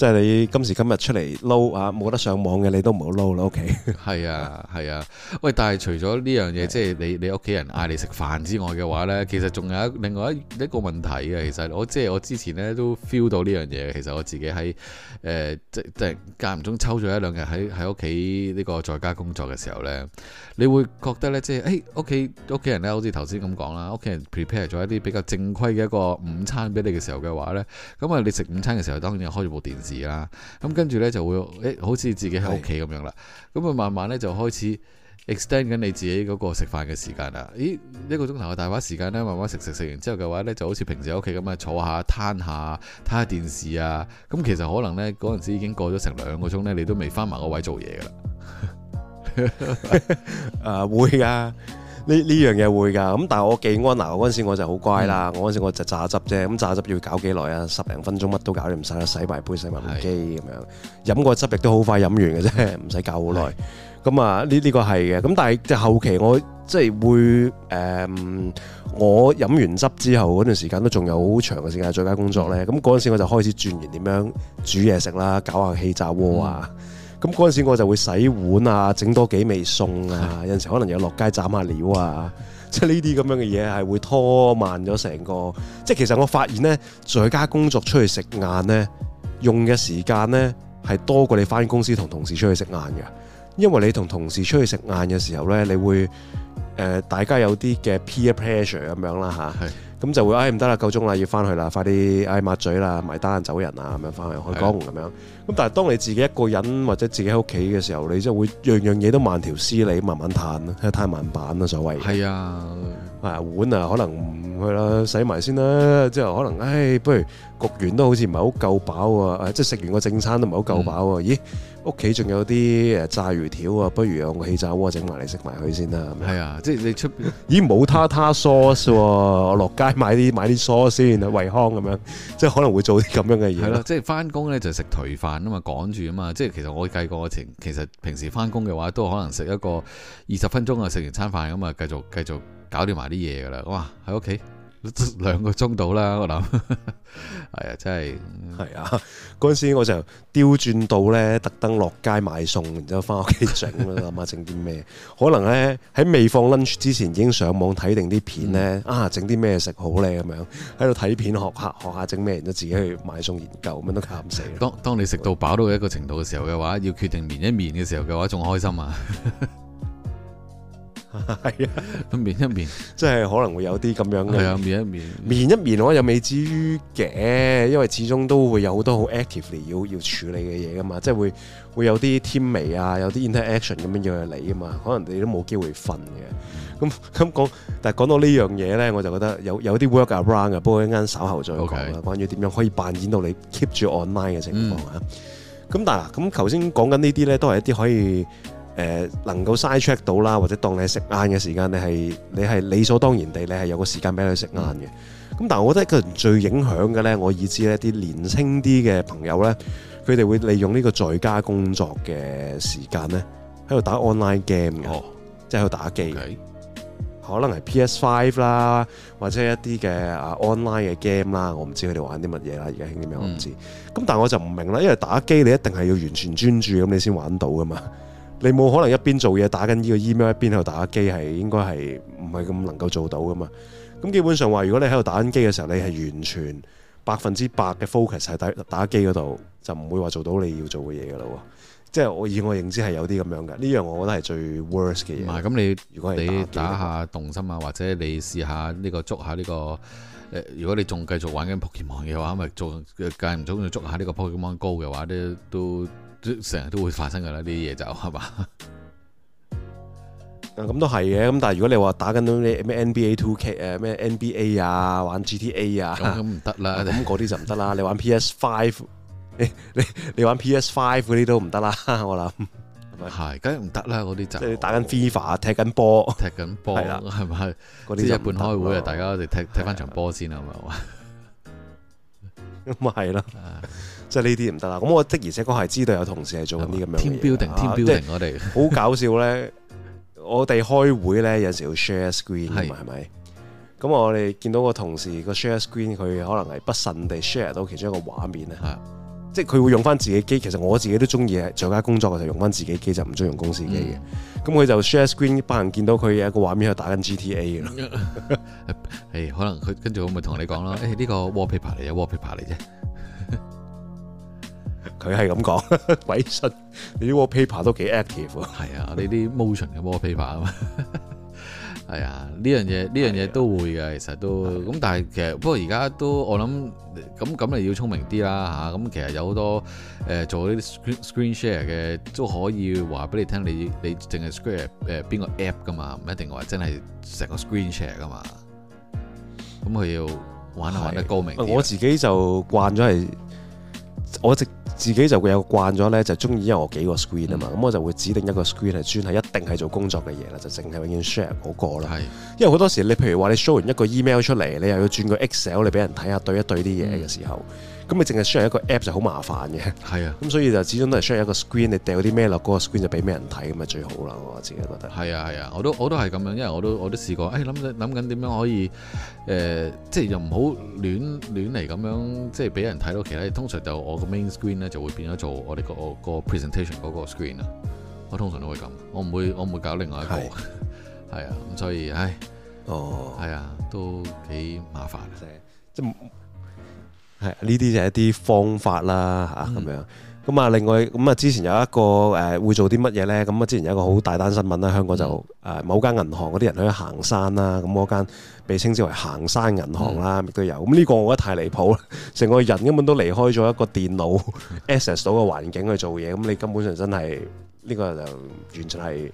即係你今時今日出嚟撈啊，冇得上網嘅，你都唔好撈啦，OK？係啊，係啊。喂，但係除咗呢樣嘢，嗯、即係你你屋企人嗌你食飯之外嘅話呢，其實仲有一另外一一個問題嘅。其實我即係我之前呢都 feel 到呢樣嘢。其實我自己喺誒即係間唔中抽咗一兩日喺喺屋企呢個在家工作嘅時候呢，你會覺得呢，即係誒屋企屋企人呢，好似頭先咁講啦，屋企人 prepare 咗一啲比較正規嘅一個午餐俾你嘅時候嘅話呢。咁啊你食午餐嘅時候當然開咗部電視。啦，咁、啊、跟住呢，就會誒、欸，好似自己喺屋企咁樣啦，咁啊是慢慢呢，就開始 extend 緊你自己嗰個食飯嘅時間啦。咦，一個鐘頭嘅大把時間呢，慢慢食食食完之後嘅話呢，就好似平時喺屋企咁啊，坐下攤下，睇下電視啊。咁、啊、其實可能呢，嗰陣時已經過咗成兩個鐘呢，你都未翻埋嗰位做嘢噶啦。誒、 <laughs> <laughs> 啊，會噶、啊。呢呢樣嘢會㗎，咁但係我技安嗱，我嗰時我就好乖啦，嗯、我嗰陣時我就榨汁啫，咁榨汁要搞幾耐啊？十零分鐘乜都搞掂唔曬啦，洗埋杯洗埋機咁樣，飲個汁亦都好快飲完嘅啫，唔使搞好耐。咁啊，呢呢個係嘅，咁但係就後期我即係會誒、呃，我飲完汁之後嗰段時間都仲有好長嘅時間在家工作咧。咁嗰陣時我就開始轉而點樣煮嘢食啦，搞下氣炸鍋、嗯、啊。咁嗰陣時，我就會洗碗啊，整多幾味餸啊，有陣時可能又落街斬下料啊，即係呢啲咁樣嘅嘢係會拖慢咗成個。即係其實我發現呢，在家工作出去食晏呢，用嘅時間呢係多過你返公司同同事出去食晏嘅，因為你同同事出去食晏嘅時候呢，你會誒、呃、大家有啲嘅 peer pressure 咁樣啦嚇。啊咁就會唉唔得啦，夠鐘啦，要翻去啦，快啲唉、哎、抹嘴啦，埋單走人啊，咁樣翻去開工咁樣。咁的但係當你自己一個人或者自己喺屋企嘅時候，你就會樣樣嘢都慢條斯理，慢慢嘆啦，嘆慢板啦、啊、所謂。係的啊，係啊，碗啊可能唔去啦，洗埋先啦。之後可能唉、哎，不如焗完都好似唔係好夠飽喎、啊，即係食完個正餐都唔係好夠飽喎、啊，嗯、咦？屋企仲有啲誒炸魚條啊，不如用個氣炸鍋整埋嚟食埋佢先啦。係啊，即係你出邊。咦，冇他他 sauce 喎，我落街買啲買啲 sauce 先啊，衞康咁樣，即係可能會做啲咁樣嘅嘢咯。即係翻工咧就食頹飯啊嘛，趕住啊嘛，即係其實我計過程，其實平時翻工嘅話，都可能食一個二十分鐘啊，食完餐飯咁啊，繼續繼續搞掂埋啲嘢噶啦。哇，喺屋企。兩個鐘到啦，我諗係、 <laughs> 哎、啊，真係係啊。嗰陣時我就刁轉到呢，特登落街買餸，然之後翻屋企整啦。諗下整啲咩， <laughs> 可能呢，喺未放 lunch 之前已經上網睇定啲片呢，嗯、啊，整啲咩食好呢？咁樣，喺度睇片學下學下整咩，然之後自己去買餸研究，咁 <laughs> 樣都夾唔死。當當你食到飽到一個程度嘅時候嘅話， <laughs> 要決定眠一面嘅時候嘅話，仲開心啊！ <laughs> 係啊，面一面，即係可能會有啲咁樣嘅。係啊，面一面，面一面嘅話又未至於嘅，因為始終都會有好多好 actively 要要處理嘅嘢噶嘛，即係會會有啲 teamwork 啊，有啲 interaction 咁樣樣嚟噶嘛，可能你都冇機會瞓嘅。咁咁講，但係講到呢樣嘢咧，我就覺得有有啲 workaround 嘅，不過一陣稍後再講啦，Okay. 關於點樣可以扮演到你 keep 住 online 嘅情況啊。咁、嗯、但係咁頭先講緊呢啲咧，都係一啲可以。誒能夠嘥 check 到啦，或者當你食晏嘅時間，你係你係理所當然地，你係有個時間俾你食晏嘅。咁、嗯、但係我覺得一個最影響嘅咧，我已知咧啲年輕啲嘅朋友咧，佢哋會利用呢個在家工作嘅時間咧，喺度打 online game、哦、即係喺度打機。Okay. 可能係 PS Five 啦，或者一啲嘅啊 online 嘅 game 啦，我唔知佢哋玩啲乜嘢啦，而家興啲咩我唔知。咁、嗯、但係我就唔明啦，因為打機你一定係要完全專注咁，你先玩到噶嘛。你冇可能一邊做嘢打緊呢個 email 一邊喺度打機，係應該係唔係咁能夠做到㗎嘛？咁基本上話，如果你喺度打緊機嘅時候，你係完全百分之百嘅 focus 喺打打機嗰度，就唔會話做到你要做嘅嘢㗎喇。即係我以我認知係有啲咁樣嘅，呢樣我覺得係最 worst 嘅嘢。唔係咁，你如果打你打下動森啊，或者你試,試下呢、呢個捉下呢、呢個誒，如果你仲繼續玩緊 Pokemon 嘅話，咪做介唔中意捉下呢個 Pokemon Go 嘅話咧都。成日都會發生㗎啦，呢啲嘢就係嘛。咁都係嘅。咁、啊、但係如果你話打緊咩 NBA Two K 誒咩 NBA 啊，玩 GTA 啊，咁唔得啦。咁嗰啲就唔得啦。你玩 PS Five，你玩 PS Five 嗰啲都唔得啦。我諗係梗係唔得啦，嗰啲就。即係打緊 FIFA，踢緊波，踢緊波，係啦，係咪？即係一半開會啊，大家我哋踢了踢翻場波先啦，係嘛？ <laughs> 咁咪係咯，即係呢啲唔得啦。咁我的而且確係知道有同事係做緊啲咁樣嘢。我哋好搞笑咧。我哋開會咧，有時要 share screen，係咪是？咁我哋見到個同事個 share screen，佢可能係不慎地 share 到其中一個畫面咧。即係佢會用翻自己機，其實我自己都中意喺在家工作嘅時候用翻自己機，就唔中意用公司機嘅。咁佢、嗯嗯、就 share screen，班人見到佢有一個畫面喺度打緊 GTA 咯。誒， <laughs> 可能佢跟住我咪同你講啦？誒、 <laughs> 欸，呢、這個 wallpaper 嚟嘅 wallpaper 嚟啫。佢係咁講，鬼信！你啲 wallpaper 都幾 active 啊？係 <laughs> 啊，你啲 motion 嘅 wallpaper 啊嘛。 <laughs> 係啊，呢、哎、樣嘢呢樣嘢都會嘅，其實都咁的、嗯，但係其實不過而家都我諗咁咁咪要聰明啲啦嚇，咁、啊嗯、其實有好多誒、呃、做呢啲 screen share 嘅都可以話俾你聽，你你淨係 screen 誒邊個 app 㗎嘛，唔一定話真係成個 screen share 㗎嘛，咁、嗯、佢要玩、啊、的玩得高明。我自己就慣咗係。我直自己就會有慣咗咧，就中意因為我幾個 screen 啊嘛、嗯，咁我就會指定一個 screen 係專係一定係做工作嘅嘢啦，就淨係永遠 share 嗰個啦。是因為好多時你譬如話你 show 完一個 email 出嚟，你又要轉個 excel 你俾人睇下對一對啲嘢嘅時候。嗯嗯。咁你淨係 share 一個 app 就好麻煩嘅，係是啊，咁所以就始終都係 share 一個 screen，你掉啲咩落嗰個 screen 就俾咩人睇，咁咪最好啦。我自己覺得係啊，係啊，我都我都係咁樣，因為我都我都試過，誒諗諗緊點樣可以，誒、呃、即係又唔好亂亂嚟咁樣，即係俾人睇到其他。通常就我個 main screen 咧就會變咗做我哋個個 presentation 嗰個 screen 啊，我通常都會咁，我唔會我唔會搞另外一個，係是啊， <laughs> 啊，咁所以唉，哦，係啊，都幾麻煩，啊就係、即。即係呢啲就係一啲方法啦嚇咁樣，咁、嗯、啊另外咁啊之前有一個誒、呃、會做啲乜嘢呢？咁啊之前有一個好大單新聞啦，香港就誒、呃、某間銀行嗰啲人去行山啦，咁嗰間被稱之為行山銀行啦，亦都有。咁呢、啊這個我覺得太離譜啦，成個人根本都離開咗一個電腦 access、嗯、 <laughs> <laughs> 到嘅環境去做嘢，咁、嗯、你根本上真係呢、這個就完全係。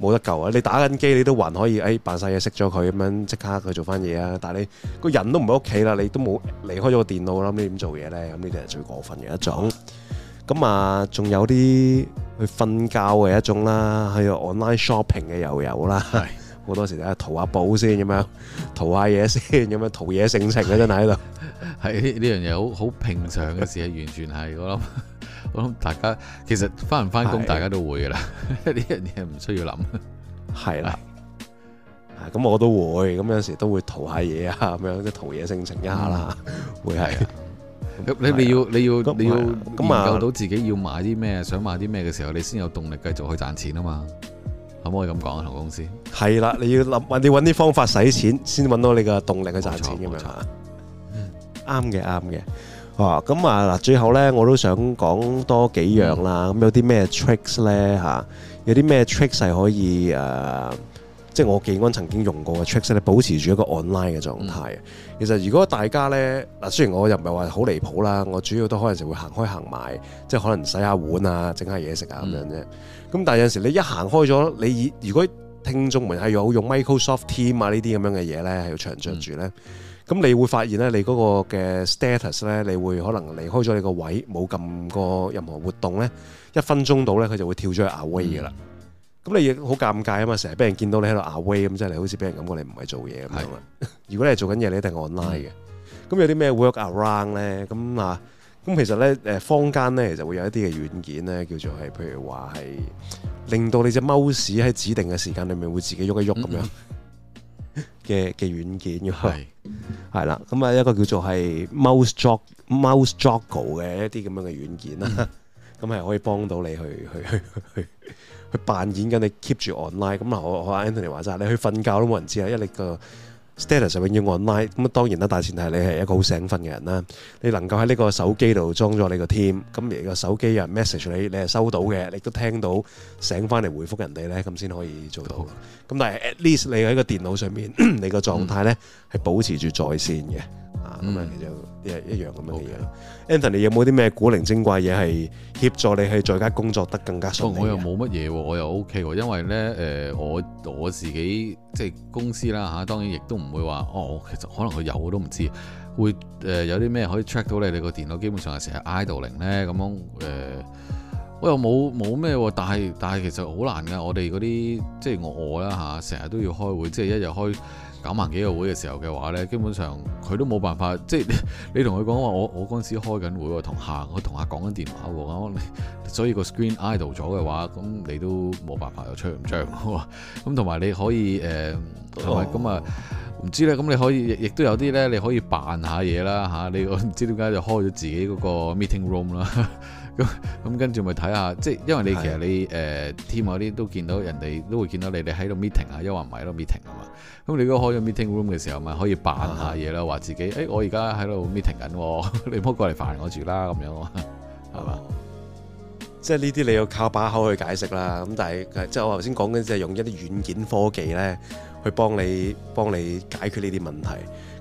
冇得救啊！你打緊機，你都還可以，誒扮曬嘢熄咗佢咁樣，即刻去做翻嘢啊！但係你個人都唔喺屋企啦，你都冇離開咗個電腦啦，你點做嘢咧？咁呢啲係最過分嘅一種。咁啊，仲有啲去瞓覺嘅一種啦，係 online shopping 嘅又有啦。好是多時咧淘下寶先咁樣，淘下嘢先咁樣，淘嘢性情嘅真係喺度。係呢樣嘢好好平常嘅事，完全係 <laughs> 我我諗大家其實翻唔翻工，大家都會噶啦，呢樣嘢唔需要諗係啦，咁我都會咁有時都會塗下嘢啊，咁樣即陶冶性情一下啦，會係。咁你你要你要你要研究到自己要買啲咩，想買啲咩嘅時候，你先有動力繼續去賺錢啊嘛。可唔可以咁講啊，同公司？係啦，你要諗，你搵啲方法使錢，先搵到你嘅動力去賺錢咁樣。啱嘅，啱嘅。哦，咁啊嗱，最後咧我都想講多幾樣啦。咁、嗯、有啲咩 tricks 咧嚇？有啲咩 tricks 係可以誒，即、啊、係、就是、我技安曾經用過嘅 tricks 咧，保持住一個 online 嘅狀態。嗯、其實如果大家咧嗱，雖然我又唔係話好離譜啦，我主要都可能就會行開行埋，即係可能洗下碗啊、整下嘢食啊咁、嗯、樣啫。咁但係有時你一行開咗，你如果聽眾們係有用 Microsoft Team 啊這這呢啲咁樣嘅嘢咧，係要長著住咧。嗯咁你會發現咧，你嗰個嘅 status 咧，你會可能離開咗你個位，冇咁個任何活動咧，一分鐘到咧，佢就會跳咗去阿 We 嘅啦。咁、嗯、你亦好尷尬啊嘛，成日俾人見到你喺度阿 We 咁即係你好似俾人感覺你唔係做嘢咁樣啊。是的 <laughs> 如果你係做緊嘢，你一定 online 嘅。咁、嗯、有啲咩 workaround 咧？咁啊，咁其實咧，誒坊間咧就會有一啲嘅軟件咧，叫做係譬如話係令到你隻 mouse 喺指定嘅時間裏面會自己喐一喐咁樣。嗯嗯嘅嘅軟件㗎嘛，係啦是，咁啊一個叫做係 mouse jog mouse joggle 嘅一啲咁樣嘅軟件啦，咁係、嗯、可以幫到你去去去去，去，去扮演緊你 keep 住 online，咁嗱我我阿 Anthony 話齋，你去瞓覺都冇人知啊，因為你個。Status 係永遠 online，咁啊當然啦，大前提你係一個好醒瞓嘅人啦，你能夠喺呢個手機度裝咗你個 team，咁而個手機有人 message 你，你係收到嘅，你都聽到醒翻嚟回覆人哋咧，咁先可以做到嘅。咁但係 at least 你喺個電腦上面，你個狀態咧係保持住在線嘅。咁啊，嗯、其實一一樣咁樣嘅嘢。Okay. Anthony，你有冇啲咩古靈精怪嘢係協助你係在家工作得更加順利？我又冇乜嘢喎，我又 OK 喎。因為咧，誒、呃，我我自己即係公司啦，嚇、啊，當然亦都唔會話哦。其實可能佢有我都唔知，會誒、呃、有啲咩可以 check 到你哋個電腦，基本上係成日 idling 咧，咁樣誒、呃。我又冇冇咩喎，但係但係其實好難㗎。我哋嗰啲即係我我啦嚇，成、啊、日都要開會，即係一日開九萬幾個會嘅時候嘅話咧，基本上佢都冇辦法，即係你同佢講話，我我嗰陣時開緊會喎，同下我同下講緊電話喎，所以個 screen idle 咗嘅話，咁你都冇辦法又出唔出嘅。咁同埋你可以誒，咁啊唔知咧，咁你可以亦，亦都有啲咧，你可以扮下嘢啦吓，你我唔知點解就開咗自己嗰個 meeting room 啦。 <laughs> 咁咁 <laughs> 跟住咪睇下，即係因為你其實你誒 team 嗰啲都見到人哋都會見到你，你喺度 meeting 啊，又話唔係喺度 meeting 啊嘛。咁你如果開咗 meeting room 嘅時候，咪可以扮下嘢啦，話自己誒我而家喺度 meeting 緊， <laughs> 你唔好過嚟煩我住啦咁樣啊，係嘛？ <laughs> 即係呢啲你要靠把口去解釋啦。咁但係即係我頭先講緊，即係用一啲軟件科技咧，去幫你幫你解決呢啲問題。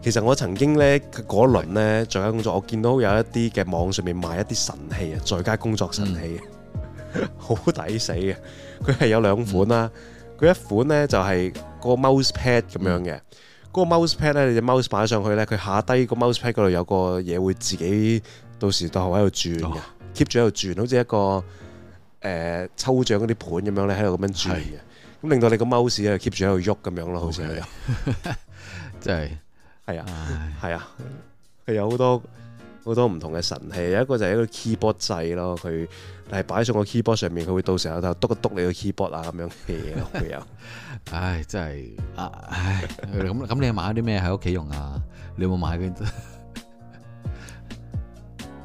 其實我曾經咧嗰一輪咧在家工作，我見到有一啲嘅網上面賣一啲神器啊，在家工作神器，啊、嗯，好抵死啊。佢係有兩款啦。佢、嗯、一款咧就係、是、個 mouse pad 咁樣嘅，嗰、嗯、個 mouse pad 咧你隻 mouse 擺上去咧，佢下低個 mouse pad 嗰度有個嘢會自己到時到候喺度轉嘅。嗯 keep 住喺度轉，好似一個誒、呃、抽獎嗰啲盤咁樣咧，喺度咁樣轉嘅，咁的令到你個 mouse 咧 keep 住喺度喐咁樣咯，好似係，真係，係啊，係啊，佢有好多好多唔同嘅神器，有一個就係一個 keyboard 掣咯，佢係擺上個 keyboard 上面，佢會到時候刮刮刮刮、 <laughs> 哎、就篤一篤你個 keyboard 啊咁樣嘅嘢，佢、哎、又，唉，真係，唉，咁咁你買啲咩喺屋企用啊？你有冇買嘅？ <laughs>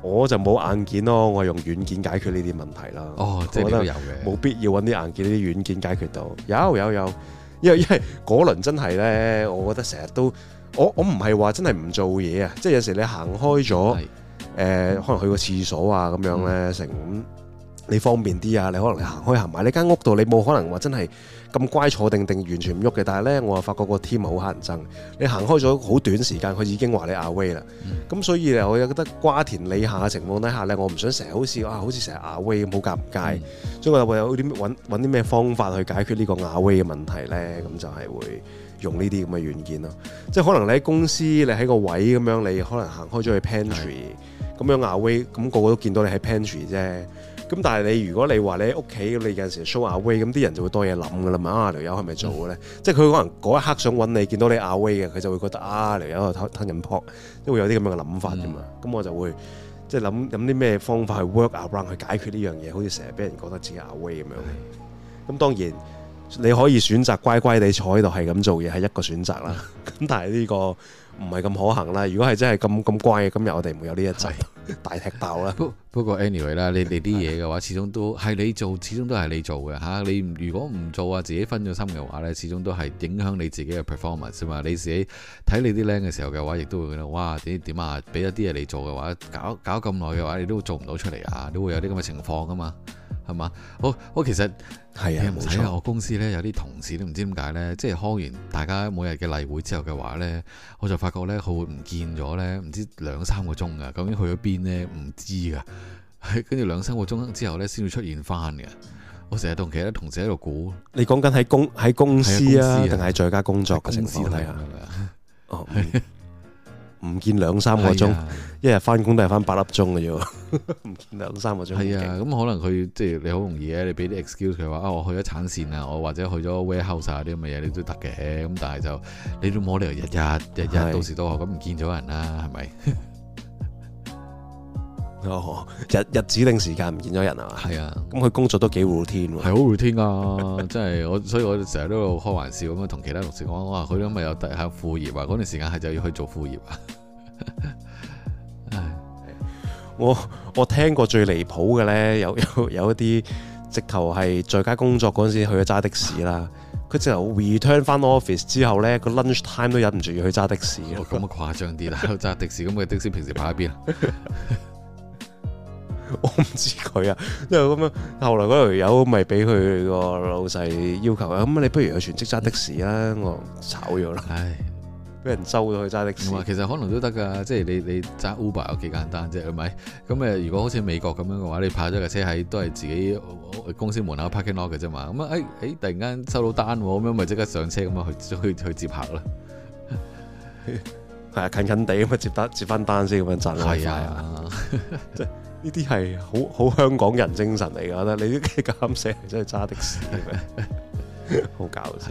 我就冇硬件咯，我用軟件解決呢啲問題啦。哦，即係都有嘅，冇必要揾啲硬件呢啲軟件解決到。有有有，因為因為嗰輪真係咧，我覺得成日都，我我唔係話真係唔做嘢啊，即、就、係、是、有時你行開咗，誒是、呃、可能去個廁所啊咁樣咧、嗯、成咁，你方便啲啊，你可能你行開行埋呢間屋度，你冇可能話真係。咁乖坐定定完全唔喐嘅，但係呢，我又發覺個 team 好乞人憎。你行開咗好短時間，佢已經話你亞威啦。咁、嗯、所以呢，我又覺得瓜田李下嘅情況底下呢，我唔想成日好似啊，好似成日亞威咁好尷尬。嗯、所以我又會有啲揾啲咩方法去解決呢個亞威嘅問題呢？咁就係會用呢啲咁嘅軟件咯。即係可能你喺公司，你喺個位咁樣，你可能行開咗去 pantry，咁的樣亞威，咁、那個個都見到你喺 pantry 啫。咁但係你如果你話你喺屋企，你有陣時 show away，咁啲人就會多嘢諗噶啦。問啊，女友係咪做嘅咧？嗯、即係佢可能嗰一刻想揾你，見到你 away 嘅，佢就會覺得啊，女友喺度吞吞緊 pop，即係會有啲咁樣嘅諗法啫嘛。咁、嗯、我就會即係諗諗啲咩方法去 work around 去解決呢樣嘢，好似成日俾人覺得自己 away 咁樣。咁的當然。你可以選擇乖乖地坐喺度係咁做嘢，係一個選擇啦。咁但係呢個唔係咁可行啦。如果係真係咁咁乖嘅，今日我哋唔會有呢一集大踢爆啦。不不過 anyway 啦，你哋啲嘢嘅話，始終都係 <laughs> 你做，始終都係你做嘅嚇、啊。你如果唔做啊，自己分咗心嘅話呢，始終都係影響你自己嘅 performance 啊嘛。你自己睇你啲靚嘅時候嘅話，亦都會覺得哇點點啊，俾一啲嘢你做嘅話，搞搞咁耐嘅話，你都做唔到出嚟啊，都會有啲咁嘅情況噶嘛，係嘛？好好其實。係啊，冇錯、啊。錯我公司咧有啲同事都唔知點解咧，即係開完大家每日嘅例會之後嘅話咧，我就發覺咧佢會唔見咗咧，唔知兩三個鐘噶、啊，究竟去咗邊咧唔知噶、啊，跟住兩三個鐘之後咧先會出現翻嘅。我成日同其他同事喺度估，你講緊喺公喺公司啊，定係、啊啊、在家工作嘅情況？哦、啊。唔見兩三個鐘，啊、一日翻工都係翻八粒鐘嘅啫。唔 <laughs> 見兩三個鐘，係啊，咁行、嗯、可能佢即係你好容易咧，你俾啲 excuse 佢話啊，我去咗產線啊，我或者去咗 warehouse 啲咁嘅嘢，你都得嘅。咁但係就你都冇理由日日日日是到時到候咁唔見咗人啦，係咪？ <laughs> 哦，日日指定時間唔見咗人了啊？係啊，咁佢工作都幾糊天喎。係好糊天㗎， <laughs> 真係我，所以我成日都喺度開玩笑咁啊，同其他同事講：我話佢都咪有第下副業啊？嗰段時間係就要去做副業啊！ <laughs> 啊我我聽過最離譜嘅咧，有有有，有一啲直頭係在家工作嗰陣時去咗揸的士啦。佢 <laughs> 直頭 return 翻 office 之後咧，個 lunch time 都忍唔住要去揸的士。哦，咁啊誇張啲啦，揸 <laughs> 的士咁嘅的士平時擺喺邊啊？ <laughs> 我唔知佢啊，即係咁樣。後來嗰條友咪俾佢個老細要求啊，咁 <laughs> 你不如去全職揸的士啦， <laughs> 我炒咗啦。唉，俾人收咗去揸的士。其實可能都得噶，即係你你揸 Uber 有幾簡單啫，係咪？咁誒，如果好似美國咁樣嘅話，你泊咗架車喺都係自己公司門口 parking lot 嘅啫嘛。咁啊誒誒，突然間收到單，咁樣咪即刻上車咁樣去去去接客啦。係 <laughs> 啊，近近地咁樣接，接，接單接翻單先咁樣賺。係啊。 <laughs> <laughs> <laughs> 呢啲係好好香港人精神嚟噶，我覺得你都咁寫，真係揸的士咩？ <laughs> <laughs> 好搞笑！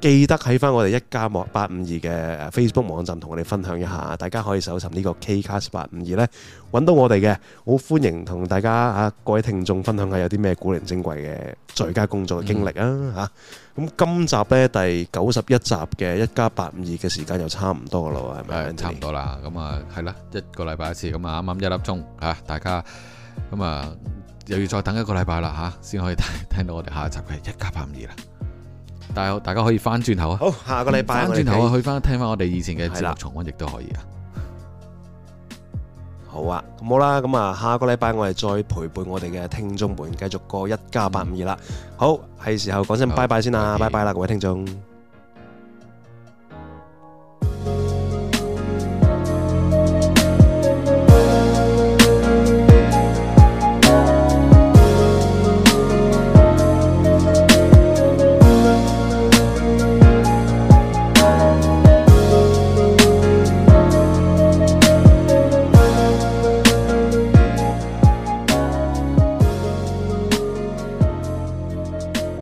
記得喺翻我哋一家網八五二嘅 Facebook 網站同我哋分享一下，大家可以搜尋呢個 Kcast 八五二呢，揾到我哋嘅，好歡迎同大家嚇各位聽眾分享下有啲咩古靈精怪嘅在家工作嘅經歷、嗯、啊嚇！咁今集呢，第九十一集嘅一家八五二嘅時間又差唔多啦，係咪、嗯？差唔多啦，咁、嗯、啊，係啦，一個禮拜一次，咁啊啱啱一粒鐘嚇，大家咁、嗯、啊，又要再等一個禮拜啦嚇，先、啊、可以聽到我哋下一集嘅一家八五二啦。大家可以翻轉頭啊！好，下個禮拜翻轉頭啊，去翻聽翻我哋以前嘅節目重温，亦都可以啊！好啊，咁好啦，咁啊，下個禮拜我哋再陪伴我哋嘅聽眾們，繼續過一加八五二啦！嗯、好，係時候講聲拜拜先啦，拜拜啦，各位聽眾。